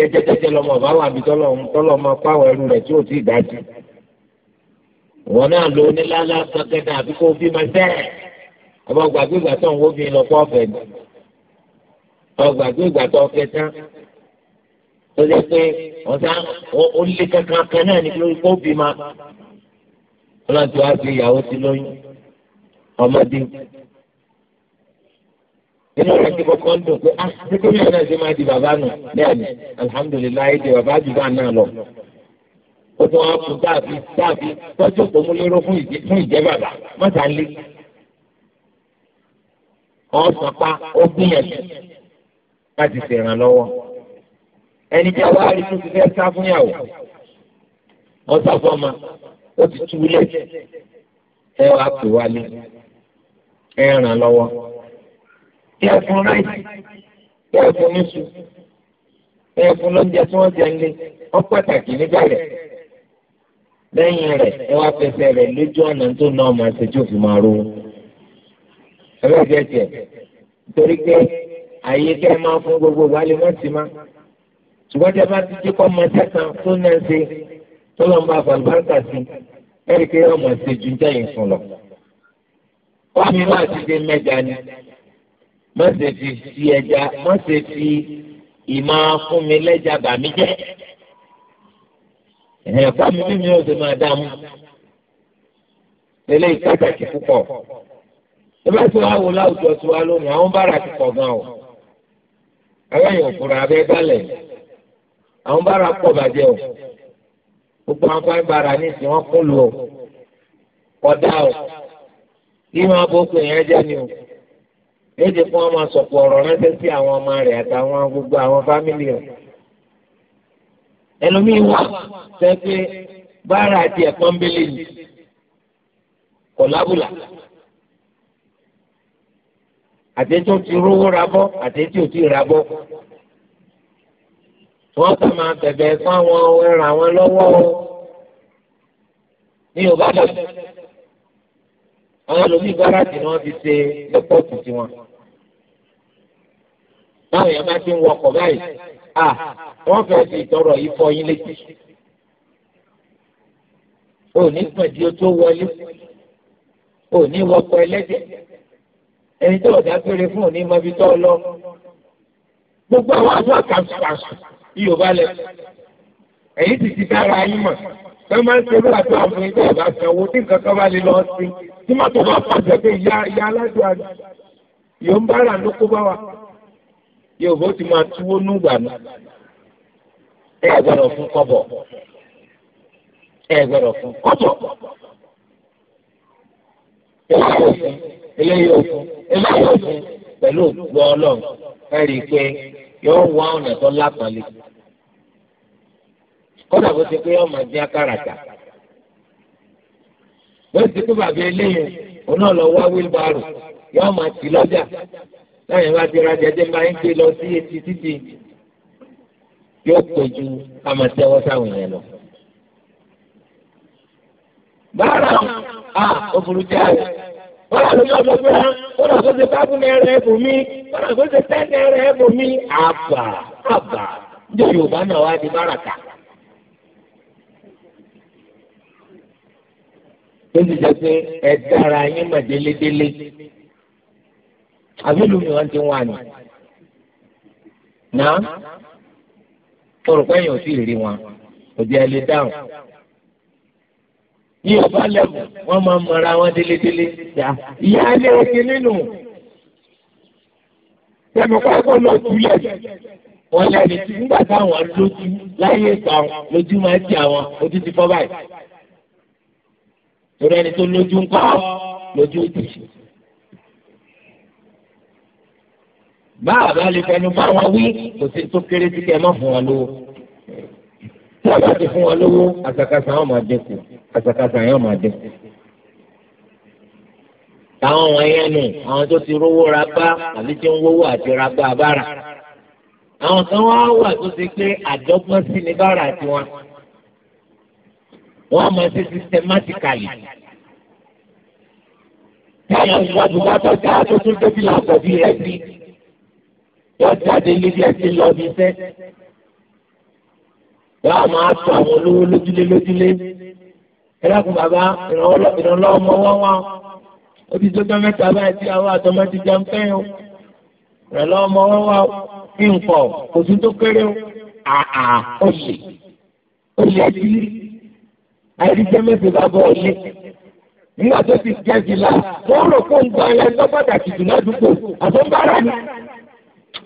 jẹ́jẹ́jẹ́jẹ́ lọ́mọ bá wà bí tọ́lọ́ máa pàwọ̀ ẹrú rẹ̀ tí ò tí ì dájú. ìwọ náà lo onílàlá sọkẹta àbí kó bí máa tẹ́ ọmọ gbàgbé ìgbà tó ń wó bí lọ pọ́ọ̀fẹ́ ni ọmọ gbàgbé ìgbà tó fẹ́ tán tó jẹ́ pé ọ̀sán ó lé kankan kan náà ní kó bí máa ọlọ́run ti wá sí ìyàwó ti lóyún ọmọdé inú rẹ̀ ti kọ́kọ́ ń dùn pé ah nítorí ẹ̀ náà ṣe máa di bàbá nù lẹ́ẹ̀ni alihamudulilayi di bàbá ju bá náà lọ. ó tún wá kú dáàbí dáàbí tọ́jú tó mú lérò fún ìjẹ́ bàbá mọ́ta ń lé. ọ̀sán pa ó gbìyànjú láti ṣèrànlọ́wọ́. ẹni tí a wá rí tó ti fẹ́ sá fún yàwó ọ̀sán fọ́mà ó ti tú lẹ̀ ẹ wá pè wálé ẹ ràn lọ́wọ́ yẹ fún ráìsì yẹ fún níṣu yẹ fún lóúnjẹ tí wọ́n jẹ ń lé wọ́n pàtàkì nígbàlẹ̀ lẹ́yìn rẹ̀ ẹ wá fẹsẹ̀ rẹ̀ lójú ọ̀nà tó ná ọmọ ẹsẹ̀ tí ò fi máa ro ẹlẹ́gbẹ̀ẹ́ tiẹ̀ torí pé àyè kẹ́ ẹ máa fún gbogbo wa lè má ti má ṣùgbọ́n tí a bá ti jí kọ́ ọmọ sẹ́kàn tó náà ṣe tó lọ́n bá fàlùbáńkà sí ẹ̀rí pé ọmọ ṣe ju jẹ́yìn wọ́n mi máa ti dé mẹ́ga ni má ṣe fi fi ẹja má ṣe fi ìmọ̀ fún mi lẹ́jà bà mí jẹ́ ẹ̀hìn ẹ̀fọ́ mi bí mi ò ṣe máa dààmú lélẹ́ ìpàtàkì púpọ̀ ẹ bá ti wá wo láwùjọ tiwa lónìí àwọn bára ti pọ̀ gan o àwọn èèyàn abẹ́ balẹ̀ àwọn bára pọ̀ bàjẹ́ o gbogbo àwọn fáwọn bára ní ìsìn wọn kún lù o kọ̀dá o kí wọn bó pè yẹn jẹ́ ni o èdè fún ọmọ sọ̀pọ̀ ọ̀rọ̀ ránṣẹ́ sí àwọn ọmọ rẹ̀ àtàwọn gbogbo àwọn fámìlì rẹ̀. ẹlòmíín wà sẹ́pẹ́ báárà àti ẹ̀pọ́n bẹ́lẹ̀ yìí kò lábùlà. àtẹ̀tí ò ti rówó rabọ́ àtẹ̀tí ò ti rabọ́. wọ́n kà máa bẹ̀bẹ̀ fún àwọn ẹran àwọn lọ́wọ́ ní Yorùbá lọ́sẹ̀ àwọn ẹlòmíín báárà àti wọ́n fi ṣe ẹ̀pọ́ọ̀tù tiwọn táwọn èèyàn bá ti ń wọkọ̀ báyìí à wọ́n fẹ́ẹ́ fi ìtọrọ yìí fọ yín létí. ò ní pẹ̀dí o tó wọlé ò ní wọkọ̀ ẹlẹ́dẹ̀ ẹni tó ọ̀dà péré fún òní mọ́bí tó lọ. gbogbo àwọn àbúrò àkàǹtùkàǹtù yóò bá lẹ èyí ti ti dára yín mọ̀ ẹ máa ń ṣerú àti àwọn ẹgbẹ́ ọ̀gá sanwó tí nǹkan kan bá lè lọ sí i tí màtò bá pàṣẹ pé ìyá aládùn àná yóò ń bára lóko bá wa. Yorùbá ó ti máa túwó núgbà mi ẹ gbọ́dọ̀ fún kọ́bọ̀ ẹ gbọ́dọ̀ fún kọ́bọ̀ eléyìí òfin eléyìí òfin eléyìí òfin pẹ̀lú ògbó Ọlọ́run ẹ rí i pé yóò wá ọ̀nà tó lápọ̀nlé kódà bó ti pé ọmọ ẹgbẹ́ akáràtà bó ti pé bàbá eléyìí òun náà lọ wá wílbárò yóò máa tì lọ́jà táyà bá ti rajà jẹ́ máa ń gbé lọ sí etí títì yóò pè ju amatẹ́wọ́ sáwọn yẹn lọ. báárà a òfurufú jẹ́ àrẹ wọ́n àlọ́ ní ọ̀dọ́gbọ́n wọ́n àgọ́ ṣe five naira ẹ̀bùn mi wọ́n àgọ́ ṣe ten naira ẹ̀bùn mi àbà àbà ní Yorùbá náà wá di báràkà. ó sì jẹ́ pé ẹ̀ yín mà délédélé àbí ìlú mi wọn ti wà ní. náà olùkọ́ èèyàn ò sì rí wọn òdi ẹ lè dáhùn. ní ọba lẹ́mù wọ́n máa ń mọra wọn délédélé dá ìyáálé oge nínú. tẹ̀mọ̀kọ́ kò lọ jùlẹ̀ wọ́n lẹ́ni tí nígbà táwọn lójú láyé ìgbà lójú máa ń ti àwọn ojú ti fọ́ báyìí. torí ẹni tó lójú ń kọ́ lójú ti ṣe. báà bá lè fẹnu bá wọn wí kò sí tó kéré sí kẹ má fún wọn lówó tí wọn bá ti fún wọn lówó àṣàkáṣà wọn máa dínkù àṣàkáṣà yẹn máa dínkù. táwọn wọn yẹn nù àwọn tó ti rówó ra bá àbí tí ń wówó àti ra bá a bára àwọn kan wá wà tó ṣe pé àjọgbọ́n sí ni bára tiwọn wọ́n máa ṣe systematically táwọn ìwádìí wá tọ́jú àtúntò débi làkọ̀bí rẹ̀ sí yóò jáde lílé ti lọ bí sẹ yóò máa tọ àwọn olówó lójúlé lójúlé ẹlẹ́kùn bàbá ìrànlọ́wọ́ ọmọ wọn wá ó ti tó mẹ́ta báyìí tí àwọn àtọmọ ti jẹun fẹ́yìn o ìrànlọ́wọ́ ọmọ wọn wá kí n pọ̀ kò sí tó kéré o àà ó lè ó lè ti rí àìríjẹ́ mẹ́sẹ̀ bá bọ̀ ọ̀lẹ́ nígbà tó ti jẹ́ jìlá wọ́n rò fún gbọ́n ẹ̀ lọ́gbàdà tìtù ládùúgbò àtọ́ńbára ni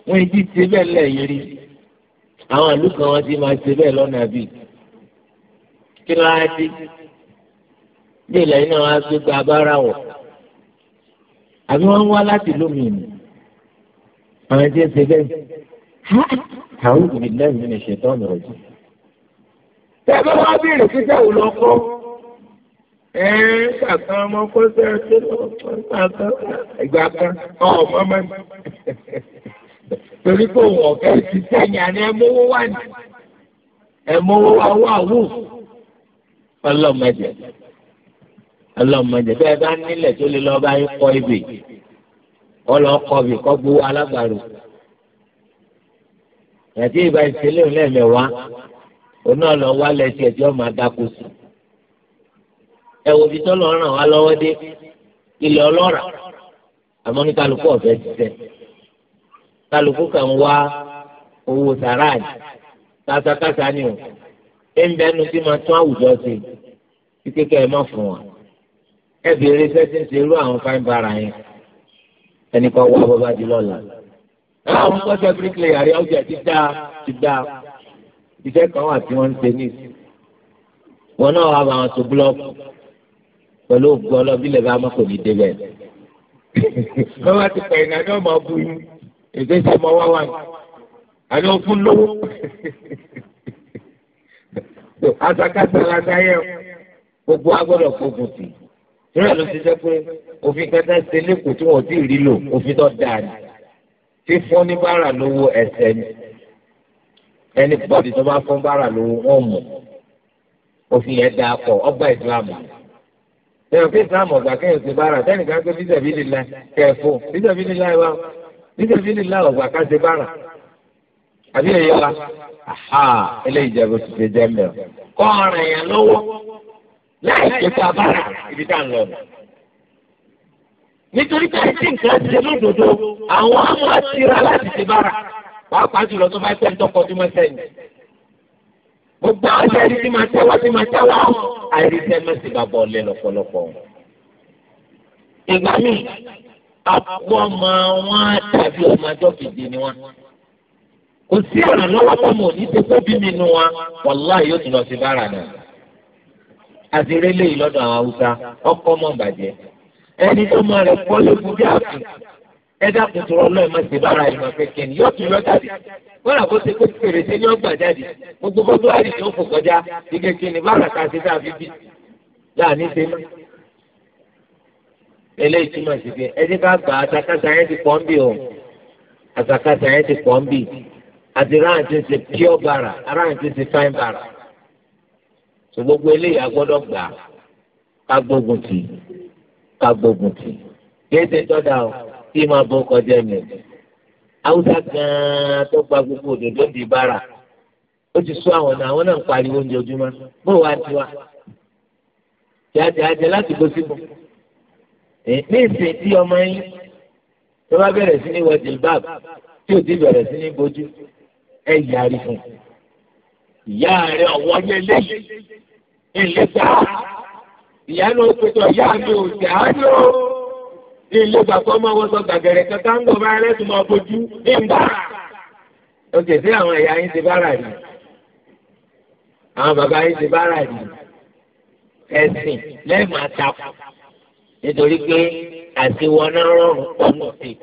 wọ́n ti ṣe bẹ́ẹ̀ lẹ́yìn rí àwọn àlù kan wọ́n ti máa ṣe bẹ́ẹ̀ lọ́nà bí kí ló á dé bí ilẹ̀ yìí náà wá gbé gba abára wọ̀ àbí wọ́n ń wá láti lómi ìmọ̀ àwọn tí ń ṣe bẹ́ẹ̀ àwọn òbí lẹ́yìn ní ṣètò ọ̀nà ọ̀jọ̀. tẹ́lẹ̀ wá béèrè kíkẹ́ wò lọ kọ́ ẹ kàkan ọmọ kọ́sẹ́ ẹ tó lọ kọ́ kàkan ìgbà kan ọmọ mẹ́rin. torí pé òun ọ̀fẹ́ ti sẹ́yìn àná ẹ̀mówó wà ní ẹ̀mówó wà wà wù ọlọ́mọdé ọlọ́mọdé bẹ́ẹ̀ bá nílẹ̀ tó lè lọ́ọ́ bá yín kọ́ ibè ọlọ́kọ́ ibè kọ́ gbowó alágbàro yàtí ìgbà ìṣẹ̀lẹ̀ lẹ́ẹ̀mẹ̀wá òun náà lọ wá lẹ́sẹ̀ tí ọmọ adáko sí ẹ wo ibi tọ́lọ́ ràn wá lọ́wọ́ dé ilẹ̀ ọlọ́rà àmọ́ ní ọ̀fẹ́ ti sẹ́yìn kálukú kan wá owó sàráàjì kásakásá ni o ẹ ń bẹ tí máa tún àwùjọ ṣe kí kékeré ẹ má fún wa ẹ bèrè sẹ́sìn ṣe irú àwọn fáin bára yẹn ẹnì kan wá bọ́ bá di lọ́la àwọn kọ́sẹ̀ bíríkìlì yàrá ọjà ti dá ti dá iṣẹ́ kan wà tí wọ́n ń ṣe ní ìsìn wọn náà wà bá wọn tó búlọ́ọ̀kù pẹ̀lú ògbọ́lọ́ bí lè bá débẹ̀. lọ́wọ́ ti pẹ̀yìn náà ni wọ́n ìgbésí ọmọ wá wà ní àbí wọn fún lówó asakasa la ta yẹ gbogbo agbọ́dọ̀ gbogbo tì ìrìn àlọ ti jẹ pé òfin kẹta ṣe lẹkọọ tí wọn ti rí lò òfin tó dáa ni fífún ní bára lówó ẹsẹ ni ẹni bọ́ọ̀dì tó bá fún bára lówó wọn mú òfin yẹn dáa pọ̀ ọgbà ìsìlámù ẹ̀rọ pé ìsìlámù ọ̀gbà kẹ́yìn sí bára sẹ́nìkan pé bísẹ̀bí lè la kẹ́ẹ̀fọ́ bísẹ̀bí lè la ẹ̀ wá nítorí bí nílá ọ̀gbà ká ṣe bára àbí ẹ̀yẹ wa eléyìí jẹ́ bó ti ṣe jẹ́ mẹ́ọ̀ kọ́ ọ̀rọ̀ èèyàn lọ́wọ́ láì ṣe pa bára ibi tá à ń lọ nù. nítorí pé àìsí nǹkan ṣe lódodo àwọn àmọ́ àtira láti ṣe bára pàápàá jùlọ tó bá pẹ́ ń tọkọ tó máa sẹ́yìn. gbogbo àwọn ṣe àìsí máa tẹ́wọ́ sí máa tẹ́wọ́ àìrí sẹ́mẹ́sì bá bọ̀ ọ̀lẹ́ àpọ̀mọ wọn tàbí ọmọdé òkèdè ni wọn. kò sí ọ̀nà lọ́wọ́ tọ́mọ òní ti kó bí mi nu wa wàláhì yóò tún lọ sí bára náà. àtìrẹ́ léyìí ọkọ mọ̀ ẹni tó máa rẹ̀ kọ́ lókun bí àpò ẹ̀dá kùtù ọlọ́ọ̀ máa ṣe bára ìmọ̀ kẹ̀kẹ́ ni yóò tún lọ jáde wọ́n ṣe kó gbogbo bọ́dọ̀ àdìsí ó fò kọjá ni bára eléyìí túmọ̀ sí pé ẹni ká gbà àtàkàtà yẹn ti pọ̀ ń bì o àtàkàtà yẹn ti pọ̀ ń bì àti ráǹtí ṣe pure bara ráǹtí ṣe fine bara tó gbogbo eléyìí agbọ́dọ̀ gbà ká gbógun tì ká gbógun tì kéde tọ́da o kí máa bọ́ kọjá mi haúsá gan-an tó gba gbogbo òdòdó di bara ó ti sún àwọn náà àwọn náà ń pariwo oúnjẹ ojúmọ́ bó wàá tiwa jáde àjẹ láti gbó síbò. Eh, ní ìsìn tí ọmọ yín tó bá bẹ̀rẹ̀ sí ní wọ jilbab tí ò ti bẹ̀rẹ̀ sí ní bójú ẹ yàrí fún ìyá rẹ ọwọ́ yẹn lẹ́yìn ìlẹ́ta ìyá ló pẹ̀tọ̀ ìyá mi ò tẹ̀ á lò ó ní ilé gbàgbọ́ máa wọ́n sọ gàgẹ̀rẹ̀ kankan ń gbọ́ bá rẹ̀ tó máa bójú ní ìbára. ó sì sí àwọn ẹ̀yà yín ti bára rí àwọn bàbá yín ti bára rí ẹ̀sìn lẹ́ẹ̀mọ́ àtàkùn nítorí pé àtiwọ́nà rọrùn ọmọ sí i.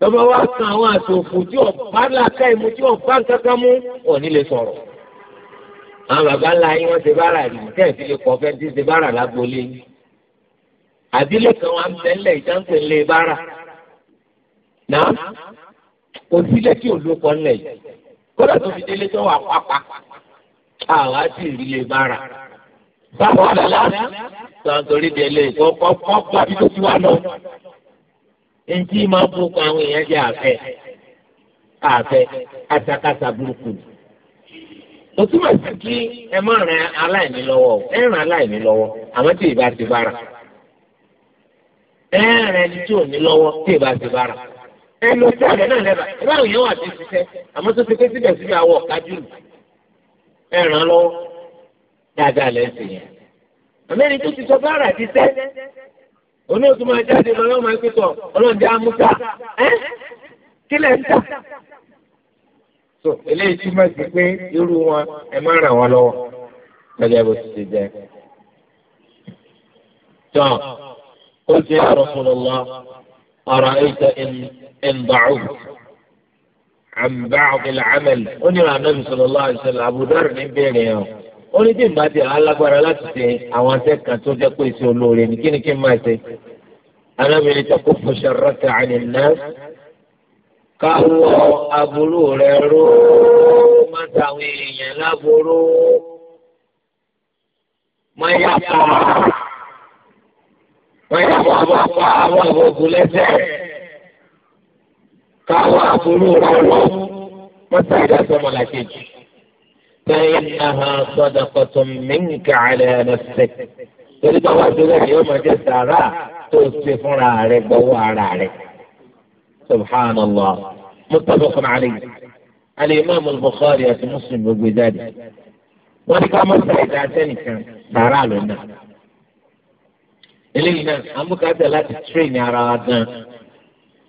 tọ́ba wa kan àwọn àtòfò tí ọ̀bá làákà ìmú tí ọ̀bá kankan mú òní lè sọ̀rọ̀. àwọn bàbá ńlá yín wọ́n ṣe bára rí i tẹ́ẹ̀ fi lè kọ́ fẹ́ tí ṣe bára lágbolé yín. àbílẹ̀ kan wà ń tẹ́lẹ̀ ìjáǹpẹ̀ lè bára. náà kò sílẹ̀ kí olùkọ́ ńlẹ̀ yìí kódà tó fi délé tó wà pápá. àwa sì rí lè bára. báwo sọ̀rọ̀ torí di ẹlẹ́yìn tó kọ́ kọ́ gba bí tó ti wá lọ. Eŋti máa bú kọ àwọn èèyàn jẹ́ àfẹ́ àfẹ́ kásakásá burúkú. Kò túmọ̀ sí kí ẹ má ràn aláìní lọ́wọ́ ẹ ràn aláìní lọ́wọ́ àmọ́ tí ìbá ti bára. Ẹ ràn ẹni tí ò ní lọ́wọ́ tí ìbá ti bára. Ẹ lọ sí àgbẹ̀ náà lẹ́bàá. Ẹ bá àwọn èèyàn wà tí ń ṣiṣẹ́ àmọ́ tó ti pé síbẹ̀síbẹ̀ àwọ̀ kájú. Ẹ ràn lọ́wọ́ dáadáa lẹ́sìn yẹn àmẹ́ni tó ti sọ báárà ti sẹ́ oní oṣù máa jáde lọ lọ́mọ ẹgbẹ́tọ̀ ọlọ́dẹ amúta ẹ́ kí ń tà. so eléyìí túmọ̀ sí pé irú wọn ẹ má ràn wọn lọ́wọ́ lọ́jọ́ bó ti ṣe jẹ́. tán ó ti Rasulullah أرأيت إن إن ضعفت عن بعض العمل ó ní Ànábì صلى الله عليه وسلم أبو ذر ní bẹ́ẹ̀ ni ó ní tí n bá ti alágbára láti ṣe àwọn akẹ́kọ̀ọ́ tó jẹ́ pé ṣe olóore ní kí ni kí n máa ṣe. alábìrin takò fọṣọ rọ́tà àní náà káwọ aburú rẹ ró má tàwọn èèyàn láboró má yà pa má yà pa má pa àwọn àbògùn lẹ́sẹ̀ káwọ aburú rẹ ró má tàwọn ìdásọ́mọlá kejì. فإنها صدقة منك على نفسك تريد الله يوم جسارة تصفر عليك بوار عليك سبحان الله متفق عليه الإمام البخاري في مسلم بالبداية وانك أمر سعيد عسانك سارا لنا إلينا أمك أدى لا تترين يا رادنا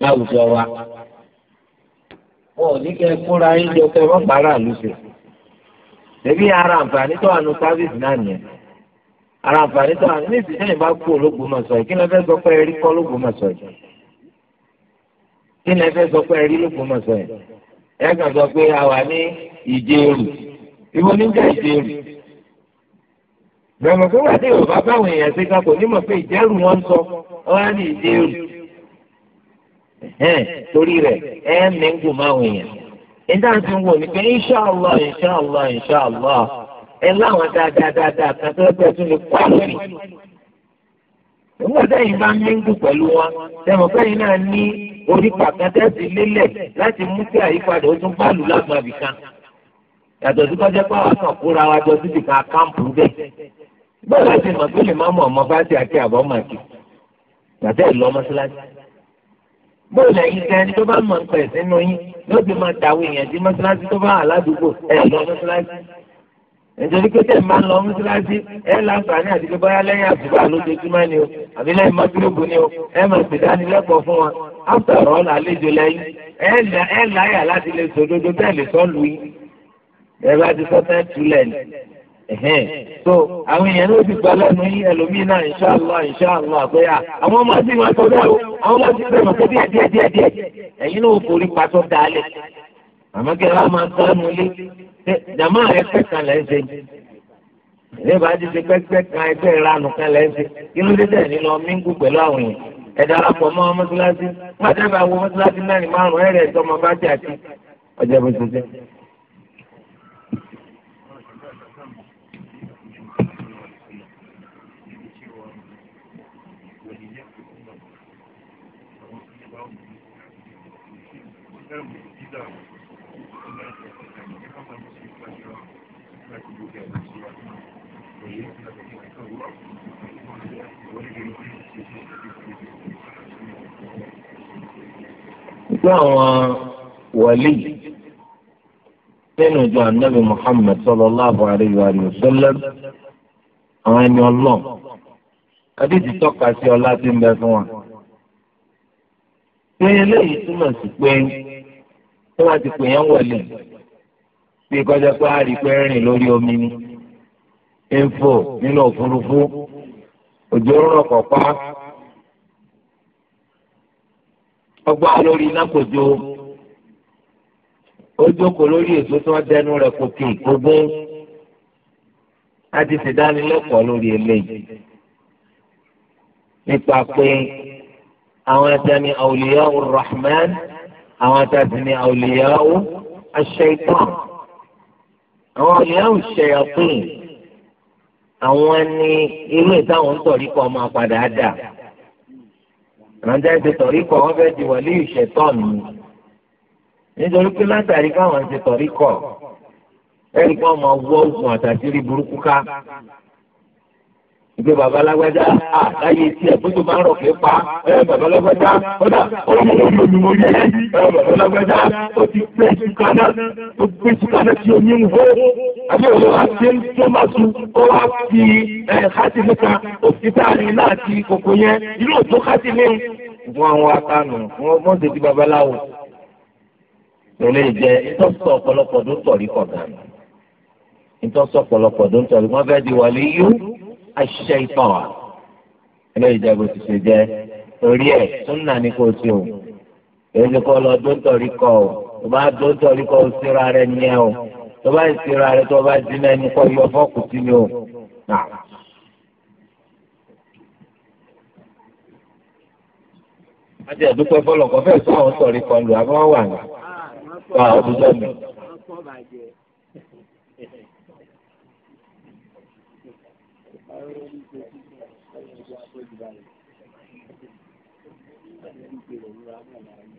أو جواب وليك أقول عندي وكما فارا لسي ẹbí ara àǹfààní tó wà ní sáfíìsì náà nìyẹn ara àǹfààní tó wà ní ìsìn sẹ́yìn bá kú ológun mọ̀ sọ yìí kí ni ẹ fẹ́ sọ pé ẹ rí kọ́ ológun mọ̀ sọ yìí kí ni ẹ fẹ́ sọ pé ẹ rí ológun mọ̀ sọ yìí ẹ kàn sọ pé a wà ní ìjẹrù ìwọ níjà ìjẹrù bẹ̀rẹ̀ pé wà ní yorùbá báwọn èèyàn ṣe kakò nímọ̀ pé ìjẹrù wọn ń sọ wọn á ní ìjẹrù torí rẹ̀ ẹ mẹ́ngùn ìdá ti ń wò ní pé inṣàlá inṣàlá inṣàlá ẹ láwọn dáadáa dáadáa kan tó ẹgbẹ́ tó lè kọ́ lórí. Nígbà táyìn bá ń míngù pẹ̀lú wọn, tẹ̀mọ̀ fẹ́yìn náà ní orí pàkàtẹ́ sí lélẹ̀ láti mú sí àyípadà ó tún báàlù lágbà bìkan. Yàtọ̀ sí kọ́jọ́ pé àwọn kan kóra wa jọ síbi kan káàmpù bẹ́ẹ̀. Bọ́lá ti mọ̀ pé lè má mọ̀ ọmọ bá ti àti àbọ̀ màkì. Yàtọ̀ ẹ̀ lọ bóyá lẹ́yìn ká ẹni tó bá mọ̀ nípa ẹ̀sìn nínú yín yóò ti máa dàwọ̀ èèyàn sí mọ́ṣáláṣí tó bá wà ládùúgbò ẹ̀ lọ mọ́ṣáláṣí. nítorí pé tẹ̀ máa ń lọ mọ́ṣáláṣí ẹ̀ láǹfààní àti bóyá lẹ́yìn àsùbá lójoojúmọ́ ni o àbí lẹ́yìn mọ́tìrìbù ni o ẹ̀ máa pè dánilẹ́kọ̀ọ́ fún wọn after all àlejò lẹ́yìn ẹ̀ láyà láti lè sòdodo bẹ́ẹ̀ lè sọ́ lù yín ẹ̀ bá ti sọ́ so àwọn èèyàn ló ti gba náà àwọn ọmọ o àwọn ọmọ àti ìwà sọ díẹ̀ díẹ̀ díẹ̀ díẹ̀ ẹ̀yin náà forí patọ́ dalẹ̀ àmọ́ kí ẹ̀rọ máa sọ́nù lé jàmá rẹ̀ pẹ̀kan lẹ́ ṣe ní bá ti ṣe pẹ́pẹ́ kan ẹgbẹ́ ìranù kan lẹ́ ṣe kí ló dé pẹ̀lú àwọn èèyàn wo sí àwọn wàlí nínú ìjọ anabi muhammed sallallahu alayhi wa sallam àwọn ẹni ọlọ́ọ̀ adéjì tọ́ka sí ọlá tí ń bẹ fún wa. pé eléyìí túmọ̀ sí pé tí wọ́n ti pè yẹn wọlé bí kọjá pé a rí pé rìn lórí omi ni éfò nínú òfurufú òjò rọ̀ kọ̀ọ̀pá ọgbà lórí iná kò jó ó jókòó lórí èso tí wọ́n dẹnu rẹ̀ kòkè gbógún láti ṣèdánilẹ́kọ̀ọ́ lórí eléyìí nípa pé àwọn ẹja ni awliya rahman àwọn àtàtì ni àwòlíyàwó aṣọ ìtàn àwọn àwòlíyàwó ṣẹyàpín àwọn ni irú ìtàwọn tọ̀rí kọ́ máa padà dà àwọn jáde tọ̀rí kọ́ wọ́n fẹ́ẹ́ di wọlé ìṣẹ̀tàn mi nítorí pé látàrí káwọn ti tọ̀rí kọ́ ẹ̀rí máa wọ́ oògùn àtàtì rí burúkú ká ìgbé bàbá alágbájá à láyé tí ẹ bójú máa ń rọ̀ kí pa ẹ bàbá alágbájá ọ̀dà ọlọ́mọdé olùmọ̀ yẹ ẹ bàbá alágbájá ó ti pé sùkánná ó pé sùkánná tí omi ń wó àbí òun á ti ń tó máa tu ó wá fi ẹ káàtì níta òfin táàrí náà ti kòkò yẹn inú òtó káàtì ní. fún àwọn akánu wọn wọn ti di babaláwo lọlé jẹ ìtọ́sọ ọ̀pọ̀lọpọ̀ tó ń tọ̀rí kọ̀ọ̀kan ìtọ́sọ ọ̀pọ̀lọpọ̀ tó ń tọ̀rí wọn fẹ́ di wàlíyú aṣ eléyìí jẹ́ bó ti ṣe jẹ́ torí ẹ̀ súnà ní kò sí o èyí kò lọ dóńtọ̀rí kọ o tó bá dóńtọ̀rí kọ o síra rẹ nìyẹn o tó bá ìsira rẹ tó bá dín náà kọ yọ ni o. ẹ̀dúpẹ́ fọlọ́kọ́ sọ àwọn lù wà ní. I'm going to to go the you.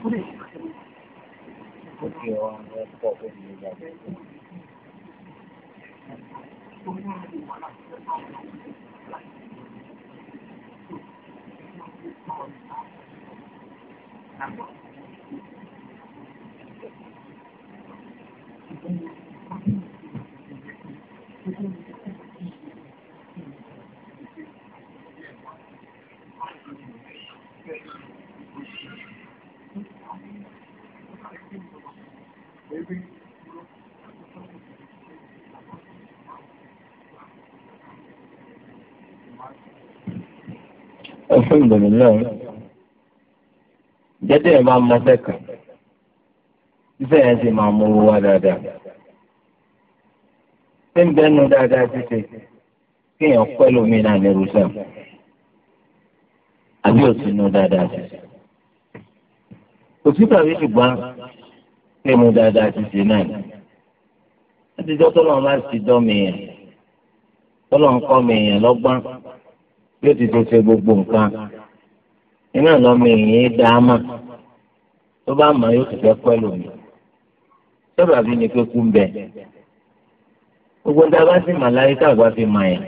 Porque yo ando poco en mi vida. Thank you. alhamdulilayi jẹ́tẹ̀ ẹ̀ máa mọ́sẹ̀ kan ìfẹ́ yẹn sì máa mú owó wá dáadáa ṣé ń bẹ́nu dáadáa ṣíṣe kéèyàn pẹ́ lómi náà ní rúṣẹ́ àbí òsínú dáadáa ṣíṣe òsì tàbí ṣùgbọ́n pé mo dáadáa ṣíṣe náà ni àtijọ́ tọ́lọ́ máa ti dọ́ mi yẹn tọ́lọ́ ń kọ́ mi yẹn lọ́gbọ́n yóò ti ti ṣe gbogbo nǹkan iná lọ́mọ èèyàn dáa mà tó bá mọ̀ yóò ti fẹ́ pẹ́lú mi sábà bí ni pé kú ń bẹ gbogbo ń dábàá sí màláyíká àgbà fi mà yẹn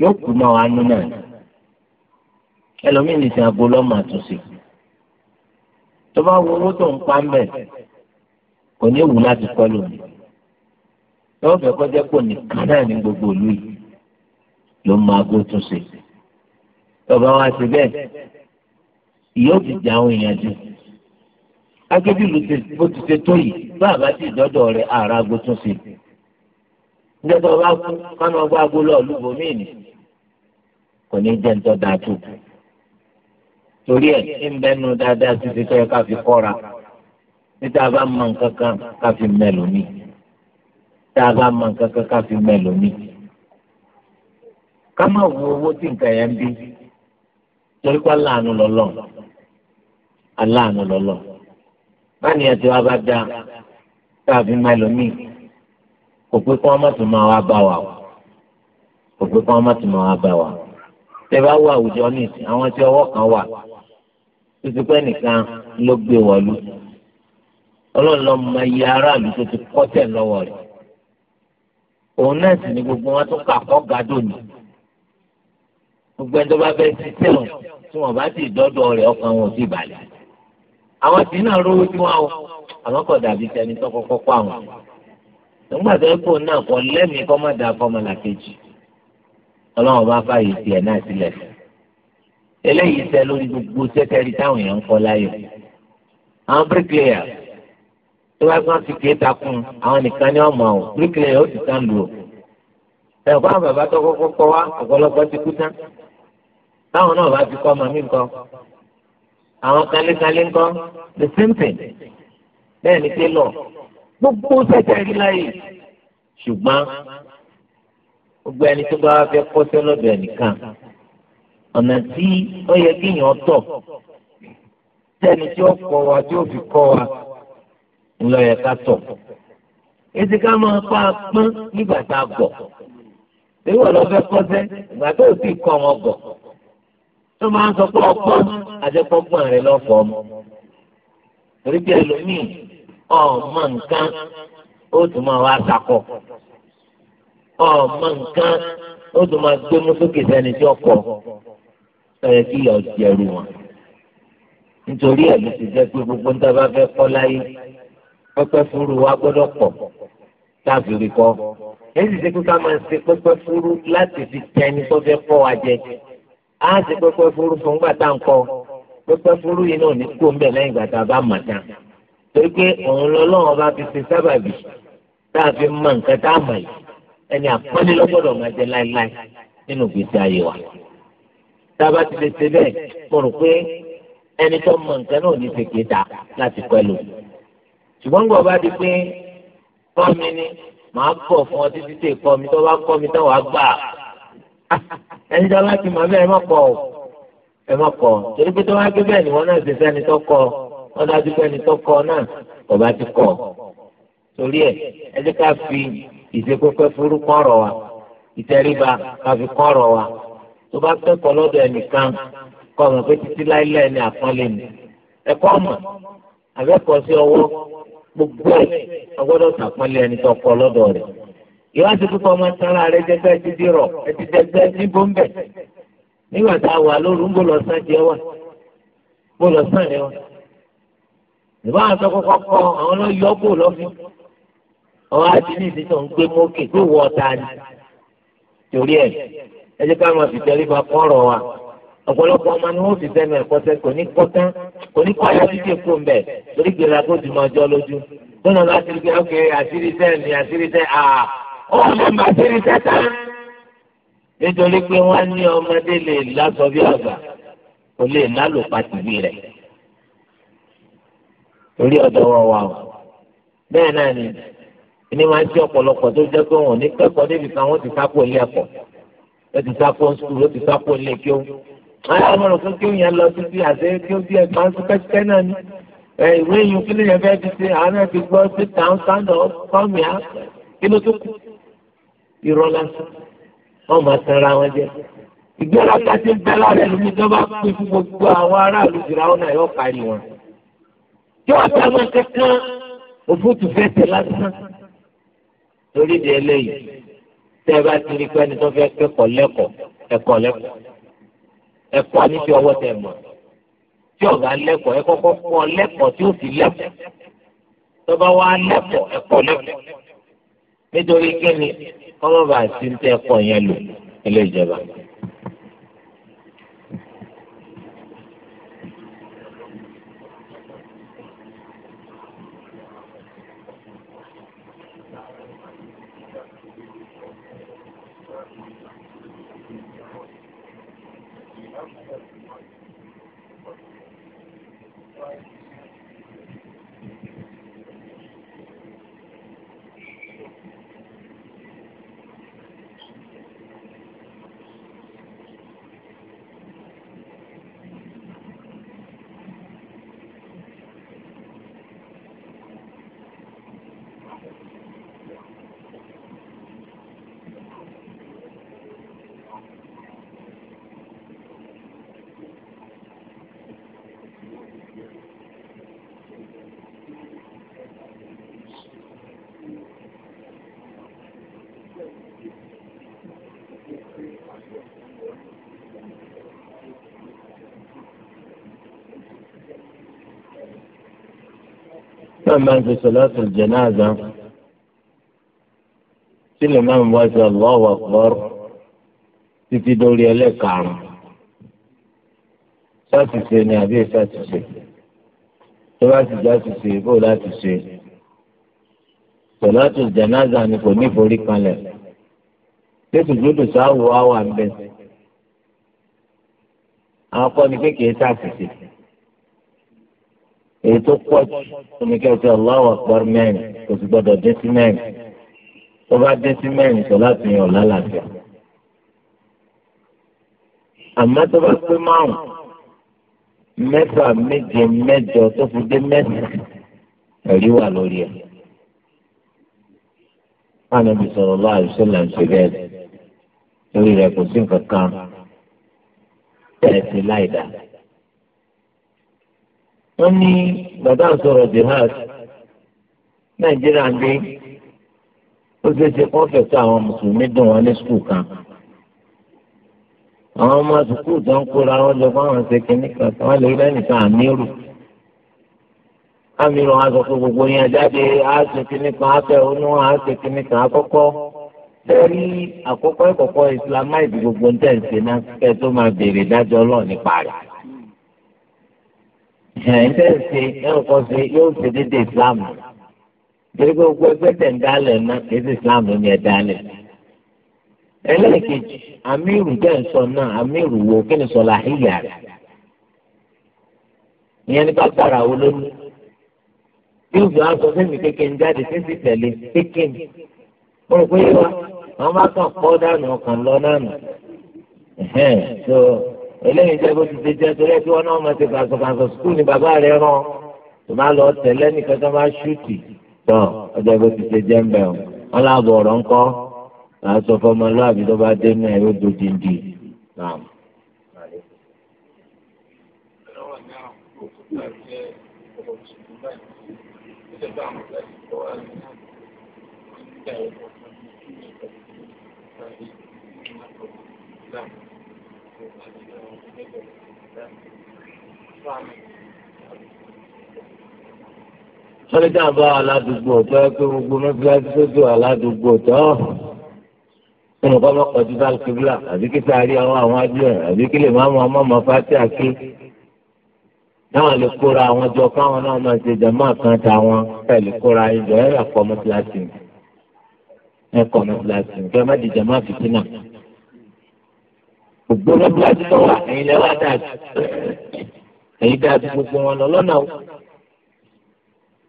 yóò kú mọ́ wa nú náà ẹlòmíì nìsín agbo lọ́mọ àtúnṣe tó bá wo owó tó ń pa ń bẹ kò ní wù láti pẹ́lú mi lọ́wọ́ fẹ́ kọjá pò nìkan náà ní gbogbo ìlú yìí ló máa gbó tún ṣe tọba wa ṣe bẹ́ẹ̀ yóò ti jẹ àwọn èèyàn jù agbẹjùlù bó ti ṣe tó yìí bàbá ti dọdọ rẹ ara gbó tún ṣe nígbà tó kánú ọgbà agbóló ọlúbo míì ni kò ní jẹ́ nítorí dàtú torí ẹ̀ ń bẹ́nu dáadáa títí tó yẹ ká fi kọ́ra níta bá mọ nǹkan kan ká fi mẹ́lòmíì tá a bá mọ nǹkan kan ká fi mẹ́lòmíì ká má wo owó tí nǹkan yẹn ń bí torí pé aláàánú lọ́lọ́ aláàánú lọ́lọ́ báni ẹ ti wá bá dá káàbí mẹlòmíì kò pé kí wọ́n má tún máa wá bá wa o kò pé kí wọ́n má tún máa wá bá wa tẹ bá wọ àwùjọ nìsín àwọn tí ọwọ́ kan wà títí pé nìkan ló gbé wọlú ọlọ́run ló mọ aráàlú tó ti kọ́ tẹ̀ lọ́wọ́ rẹ̀ òun náà sì ni gbogbo wọn tó kà kọ́ gádùn nìyí gbogbo ẹni tó bá fẹ́ ti tẹ̀wọ̀n tí wọ́n bá ti dọ́dọ̀ rẹ̀ ọkàn wọn ò sì balẹ̀. àwọn tí náà rówó tí wọ́n àwọn àwọn kò dàbí tẹni tó kọ́kọ́ kọ́ àwọn. nígbà tó ń kó náà kọ lẹ́mìí kọ́ má da fọmọ làkejì ọlọ́run bá fààyè tiẹ̀ náà sílẹ̀. eléyìí tẹ lórí gbogbo sẹ́kẹ̀rì táwọn èèyàn ń kọ́ láyọ̀. àwọn bíríkìlẹ̀yà tó bá gbọ́n ti kéé takùn àwọn nìkan ní ọmọ àwọn táwọn náà bá fi kọ́ ọmọ mi nǹkan àwọn kálíkálí nǹkan the same thing bẹ́ẹ̀ ni pé lọ gbogbo sẹ́jà rí láyè ṣùgbọ́n gbogbo ẹni tó bá fẹ́ kọ́sẹ́ lọ́dọ̀ ẹnìkan ọ̀nà tí ó yẹ kéèyàn tọ̀ tẹ́ni tí ó kọ́ wa tí ó fi kọ́ wa ńlọ yẹ ká tọ̀ èsì ká máa pa pọ́n nígbà tá a gbọ̀ èyí wọ́n lọ fẹ́ kọ́sẹ́ ìgbà tó o sì kọ́ wọn gbọ̀ tó máa ń sọ pé ọgbọ́n àdẹ́kọ́gbọ́n rẹ lọ́fọ̀ọ́ mọ́ torí bí ẹlòmíì ọmọ nǹkan ó tún máa wá sakọ ọmọ nǹkan ó tún máa gbé mọ́sókè sẹ́ni tí ọkọ̀ ẹ̀ kí yọ jẹ̀rù wọn nítorí ẹ̀ ló ti jẹ́ pé gbogbo ń dábàá fẹ́ kọ́ láyé pẹ́pẹ́ fúru wa gbọ́dọ̀ pọ̀ táàbìrì kọ́ èyí sì ṣe pé ká máa ṣe pẹ́pẹ́ fúru láti fi tẹni tó fẹ́ kọ́ wa jẹ á sì pẹ́pẹ́ fúru fún gbàtà ńkọ́ pẹ́pẹ́ fúru yìí náà ní kó ń bẹ̀ lẹ́yìn gbàtà bá mà dá torí pé òun lọ́lọ́wọ́ bá fi ṣe sábàbí tá a fi mọ nǹkan tá a mọ̀ yìí ẹni àpọ́nlé lọ́gbọ́dọ̀ máa jẹ láéláé nínú gbèsè ayé wa tá a bá ti lè ṣe bẹ́ẹ̀ mo rò pé ẹni tó mọ nǹkan náà ní fèké ta láti pẹ́lú ṣùgbọ́n gbọ́ bá di pé kọ́ mi ni màá bọ̀ fún ọ títí tè kọ́ mi tó bá kọ́ mi tó wàá gbà ẹni tó láti mọ̀ bẹ́ẹ̀ mọ̀ kọ́ ẹ mọ̀ kọ́ torí pé tó wá gbé bẹ́ẹ̀ ni wọ́n náà ṣe sẹ́ni tó kọ́ wọ́n dájú pé ẹni tó kọ́ náà kò bá ti kọ́ torí ẹ̀ ẹ jẹ́ ká fi ìṣekópẹ́ fúrú kọ́ ọ̀rọ̀ wa ìtẹríba ká fi kọ́ ọ̀rọ̀ wa tó bá kẹ́kọ̀ọ́ lọ́dọ̀ ẹnìkan kọ́ ọmọ pé títí láíláí ni àpọ́nlé ni ẹ̀kọ́ ọmọ àbẹ́kọ̀ọ́ sí ọwọ́ gbogbo ẹ̀ ọgbọ́dọ̀ ìwádìí púpọ̀ máa ń tara rẹ jẹgbẹ́ ti di rọ̀ ẹ ti jẹgbẹ́ ní bọ́m̀bẹ̀ nígbà tá a wà lóru ń bò lọ sàn jẹ wà bò lọ sàn rẹ wà. ìbá àwọn tó kọ́kọ́ kọ́ àwọn náà yọ bò lọ́fíì ọ̀hún àti ní ìdí tó ń gbé mókè tó wọ ọ̀tá ni. torí ẹ ẹ jẹ́ ká máa fi tẹríba kọ́rọ̀ wa ọ̀pọ̀lọpọ̀ ọmọ ni wọ́n fi sẹ́nu ẹ̀kọ́ sẹ́ ní kọ́tán kò ní kọ́ ọmọ màtírí tẹ́tà nítorí pé wọ́n ní ọmọdé lè lásọ bí àgbà kò lè lálò pàtìbí rẹ̀ torí ọ̀dọ́ wọn wà o bẹ́ẹ̀ náà ni ẹni máa ń ṣe ọ̀pọ̀lọpọ̀ tó jẹ́ pé wọn ò ní kẹ́kọ̀ọ́ débi kan wọ́n ti sápò ilé ẹ̀kọ́ wọ́n ti sápò skul wọ́n ti sápò ilé kí ó ayé ọmọ rẹ̀ fún kí òun yẹn lọ sí bí àṣẹ kí ó bí ẹ̀ máa ń sọ kẹ́kẹ́ náà ni ìwé yìí kí lè yẹn fẹ́ẹ́ fi ṣe àárẹ̀ ti gbọ́ sí town stand up kí ló tó kù irọ́ lásán wọ́n máa tanra wọn jẹ ìgbéra kájí ń bẹ lára ẹlòmíì tó bá pín fún gbogbo àwọn aráàlú jùlọ àwọn náà yóò parí wọn. tí wọ́n ti àwọn kankan òfútu fẹ́ tẹ lásán lórí di eléyìí tẹ́ ẹ bá ti rí pé ẹni tó fẹ́ kẹ́kọ̀ọ́ lẹ́kọ̀ọ́ ẹ̀kọ́ lẹ́kọ̀ọ́ ẹ̀kọ́ ní ọwọ́ tẹ mọ̀ tí ọ̀gá lẹ́kọ̀ọ́ ẹ kọ́kọ́ lẹ́kọ̀ọ́ tí ó nítorí kíni kọ́mọ́bà sí ń tẹ́ ẹ̀kọ́ yẹn lò ilé ìjọba. táwọn máa ń ṣe sọ̀láṣù jánásà tí lè máa ń wá sí Allahu Akbar títí dórí ẹlẹ́karùn-ún sátìsẹ ni àbí sátìsẹ tó bá ti já sìsẹ bó láti ṣe sọ̀láṣù jánásà ni kò ní ìforí kanlẹ̀ tètè dúdú sáwọ́ wá wà ń bẹ̀ àwọn akọni kékeré sátìsẹ èyí tó pọ̀ jù oníkẹ́sẹ̀ Allahu Akbar mẹ́rin kò sì gbọ́dọ̀ dé sí mẹ́rin tó bá dé sí mẹ́rin sọ láti yàn lálàáfíà. àmọ́ tó bá pé márùn mẹ́fà méje mẹ́jọ tó fi dé mẹ́sàn-án ẹ̀rí wà lórí ẹ̀. Ànábì sallallahu alaihi wasallam ń ṣe bẹ́ẹ̀ lórí rẹ̀ kò sí nǹkan kan tẹ̀sí láìdáa wọ́n ní bàbá sọ̀rọ̀ jihad nàìjíríà gbé ó ṣe ṣe kó fẹ̀sọ́ àwọn mùsùlùmí dùn wọn ní skul kan àwọn ọmọ sùkúù tó ń kóra wọn lọ fún àwọn ṣe kínní kan tí wọ́n lè rí ẹnìkan àmírù àmírù wọn sọ pé gbogbo yẹn jáde á ṣe kínní kan á fẹ́ onú á ṣe kínní kan àkọ́kọ́ lórí àkọ́kọ́ ìkọ̀kọ́ islamize gbogbo ń tẹ̀sí náà kẹ́ tó máa béèrè dájọ́ lọ́ọ̀ nípa rẹ̀. ẹ̀yìn tẹ́ ẹ ṣe ẹ ṣe yóò ṣe déédéé islam torí pé gbogbo ẹgbẹ́ tẹ̀ ń dálẹ̀ náà islam ní ẹ̀ dálẹ̀. ẹlẹ́ẹ̀kejì amíru tẹ̀ ń sọ náà amíru wo kí ni sọlá híyà rẹ̀ ìyẹn ní ká wo ló ní. yóò fi aṣọ sẹ́mi kékeré jáde títí tẹ̀lé kékeré mo rò pé yíwa àwọn bá kàn eléyìí jẹ́ bó ti ṣe jẹ́ torí ẹ tí wọ́n náà máa ṣe kàṣọkàṣọ sùkúl ní bàbá rẹ̀ rán tó máa lọ tẹ̀lé nìkan tó máa ṣúùtì tán ọjọ́ bó ti ṣe jẹ́ ń bẹ̀ wọ́n láàbọ̀ ọ̀rọ̀ ńkọ́ làá sọ fọmọlúwàbí tó bá dé náà yóò dojú di náà. Thank you. wọ́n ní káà bá wa ládùúgbò ọ̀tọ́ pé gbogbo mọ́tíláṣí tó ti wà ládùúgbò ọ̀tọ́ ọmọ bá bá kọjú bá kíbla àbí kí sáré àwọn àwọn adúlẹ̀ àbí kí lè máa mọ ọmọ ọmọ fati àké náà lè kóra àwọn jọ káwọn náà máa ṣe jàmáà kan táwọn ẹ lè kóra ìjọ ẹ rà kọ́ mọ́tíláṣí ẹ kọ́ mọ́tíláṣí kẹ́ má di jàmáà fìtínà gbogbo mọ́tíláṣí tó wà ẹ̀yin lẹ́wọ́ dájú ẹ̀yin tí a ti gbogbo wọn lọ lọ́nà o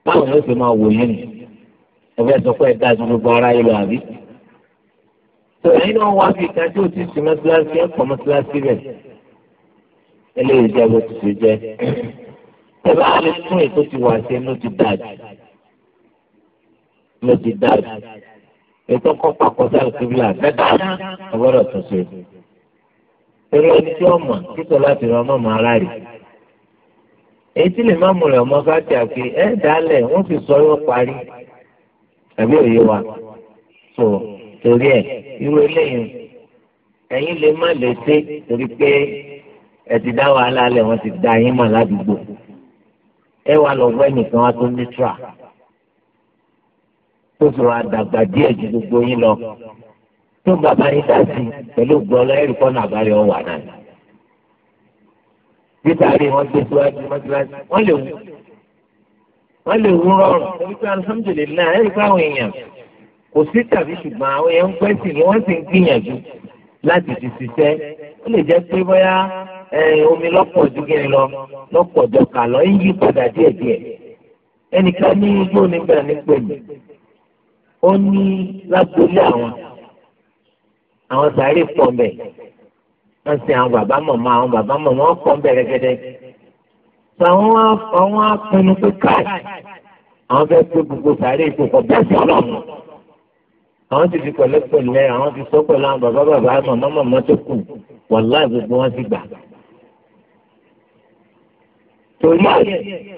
báwo ni ó sì máa wò yẹn ni ẹ fẹ́ sọ pé ẹ dájú gbogbo ara yìí lọ àbí. tó ẹ̀yin náà wá fi ìtàn tí ó ti sùn mọ́síláṣí ẹ̀ pọ̀ mọ́síláṣí rẹ̀ eléyìí jẹ́ bó ti ṣe jẹ́ ẹ bá lè tún ètò ti wà sí ló ti dájú ló ti dájú ètò kọ́pà kọjá ìkébílà dáadáa ọgbọ́dọ̀ tún ṣe. eré ẹni tí ọmọ títọ́ láti rán ọmọ ara rẹ̀ èyí tí lè má mú rẹ̀ ọmọ fati àfi ẹ̀ dálẹ̀ wọ́n sì sọ yóò parí àbí òye wa tó torí ẹ̀ irú eléyìí ẹ̀yin lè má lè ṣe torí pé ẹ ti dá wàhálà lẹ̀ wọ́n ti da yín mà ládùúgbò ẹ wà lọ wọ ẹnìkan wá tó nítra tó sọ̀rọ̀ àdàgbà díẹ̀ ju gbogbo yín lọ tó bàbá yín dá sí pẹ̀lú gbọ́lọ́ ẹ̀rí kọ́nà àbáyọ wà náà títàrí wọn gbé síwájú mọ́tíláṣí wọ́n lè wú wọ́n lè wú rọrùn torí pé alhamdulilayi ẹ̀rí fáwọn èèyàn kò sí tàbí ṣùgbọ́n àwọn èèyàn ń pẹ́ sí ni wọ́n sì ń gbìyànjú láti ti ṣiṣẹ́ ó lè jẹ́ pé bóyá omi lọ́pọ̀ ju kí ni lọ lọ́pọ̀ jọkà lọ ń yí padà díẹ̀díẹ̀ ẹnìkan ní ijó nígbà nípò mi ó ní lágbolé àwọn àwọn sàárè pọ̀ mẹ́ẹ̀ wọ́n sin àwọn bàbá mọ̀mọ́ àwọn bàbá mọ̀mọ́ wọ́n pọ̀ ń bẹ̀rẹ̀ gẹ́dẹ́. àwọn àwọn apinnu pé káì àwọn fẹ́ pé gbogbo sàárè ìkókò bẹ́ẹ̀ sí ọlọ́run. àwọn ti fi pẹ̀lẹ́pẹ̀lẹ́ àwọn ti sọ pẹ̀lú àwọn bàbá bàbá mọ̀mọ́ mọ̀mọ́ tó kù wàláì gbogbo wọn ti gbà. torí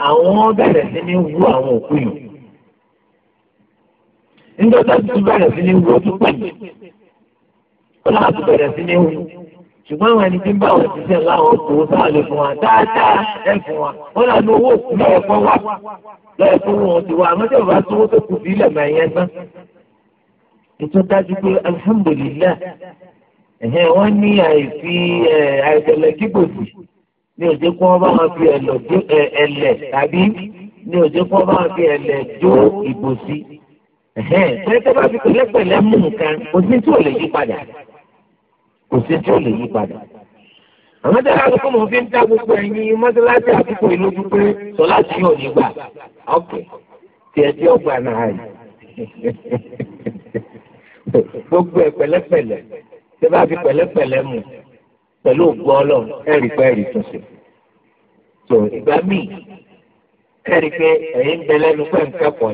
àwọn bẹ̀rẹ̀ sí ní wú àwọn òkú yìí. nígbà tó ti bẹ̀rẹ̀ sí ní wú ó tún pẹ̀lú. ó láti bẹ̀rẹ̀ sí ṣùgbọ́n àwọn ẹni tí ń bá wọn ṣiṣẹ́ láwọn kò sáàlè fún wa dáadáa ẹ fún wa wọn náà ní owó òkú lọ́wọ́ pọ́ wá lọ́wọ́ tó wọn ti wá àmọ́ tí bàbá tó wọ́n tó kù sí ilẹ̀ mọ̀ ẹ̀yẹn tán. ètò dájú pé alihamudulilayi ẹ̀hẹ́n wọ́n ní àìfi àìsẹ̀lẹ̀ kígbòsì ní òjò kí wọ́n bá wọn fi ẹ̀lẹ̀ tàbí ní òjò kí wọ́n bá wọn fi ẹ̀lẹ̀ jó ìbòsí. ẹ̀hẹ́n pẹ́ẹ́tẹ́ bá fi pẹ̀lẹ́pẹ̀lẹ́ mú nǹkan òsì kò sí tí ó lè yí padà. àmọ́ tí aláàbò kọ́ mọ̀ fi ń dá gbogbo ẹ̀yin mọ́sálásí àdúgbò ìlú pípé sọ láti yóò ní gbà ọ̀kẹ́ tiẹ̀ tí ó náà yìí. gbogbo ẹ̀ pẹ̀lẹ́pẹ̀lẹ́ tí bá fi pẹ̀lẹ́pẹ̀lẹ́ mu pẹ̀lú ògbọ́ ọlọ́run ẹ̀rì pẹ́ ẹ̀rì tuntun. tó ìgbà míì ẹ̀rì pé ẹ̀yin bẹ lẹ́nu pẹ́ ń kẹ́kọ̀ọ́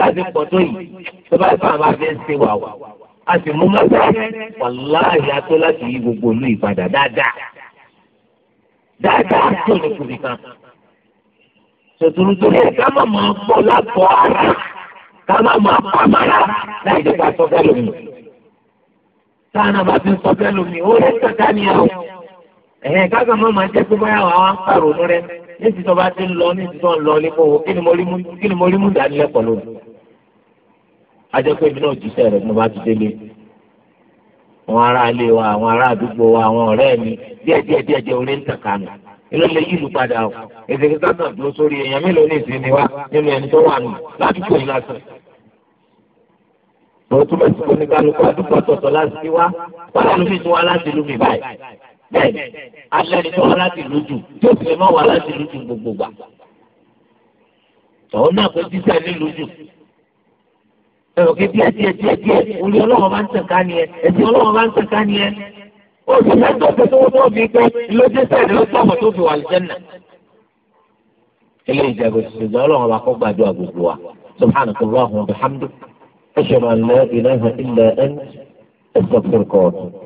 láti pọ̀ tó yìí tó bá fà máa fẹ́ ṣe wà wà a sì mú mọ́tẹ́ wàláhì ató láti yí gbogbo olú ìpadà dáadáa dáadáa tó ní kùbì kan sòtúrú tó yẹ ká má máa gbọ́ lápọ̀ ara ká má máa pa mara láì jẹ́ ká sọ fẹ́ lómi sáànà bá ti ń lómi ó yẹ kankan ní ẹ̀ o ẹ̀hìn ká kàn má máa jẹ́ pé báyà wà wá ń pàrọ̀ lórẹ́ ní ti sọba ti ń lọ ní ti sọ ń lọ ní kówó kí ni mo rí mú ìdánilẹ́kọ̀ọ́ lónìí. ajẹ́pẹ́ mi náà jíṣẹ́ rẹ̀ mo bá ti délé. àwọn ará ilé wa àwọn ará àdúgbò wa àwọn ọ̀rẹ́ mi díẹ̀ díẹ̀ díẹ̀ díẹ̀ orí ń tàn kánú. inú lè yílu padà o èsì kí sátán dúró sórí èèyàn mélòó ní ìsinmi wa nínú ẹni tó wà nù ládùúgbò yìí lásán. mo túbọ̀ sí kóníkálukú àdúgbò tọ̀tọ̀ láti wá wàhálà lómi bẹ́ẹ̀ alẹ́ni tó wá láti ìlú jù tí òfin ẹ̀ má wá láti ìlú jù gbogbo gbà tọ́wọ́ náà kó dísà nílùú jù ẹ̀rọ kí díẹ̀ díẹ̀ díẹ̀ díẹ̀ olú ọlọ́wọ́ máa ń tàn ká nìyẹn ẹ̀sìn ọlọ́wọ́ máa ń tàn ká nìyẹn ó sì fẹ́ tó tètè wọ́n tó fi pé lójú sẹ́ẹ̀dì ló tọ̀mọ̀ tó fi wà lùjẹ́nà. ilé ìjẹ̀bù ṣùgbọ́n ọlọ́wọ́ bá kọ́ gbàdúrà gbogbo wa subhanaka allahumma wa bihamdik ashhadu an la ilaha illa anta astaghfiruka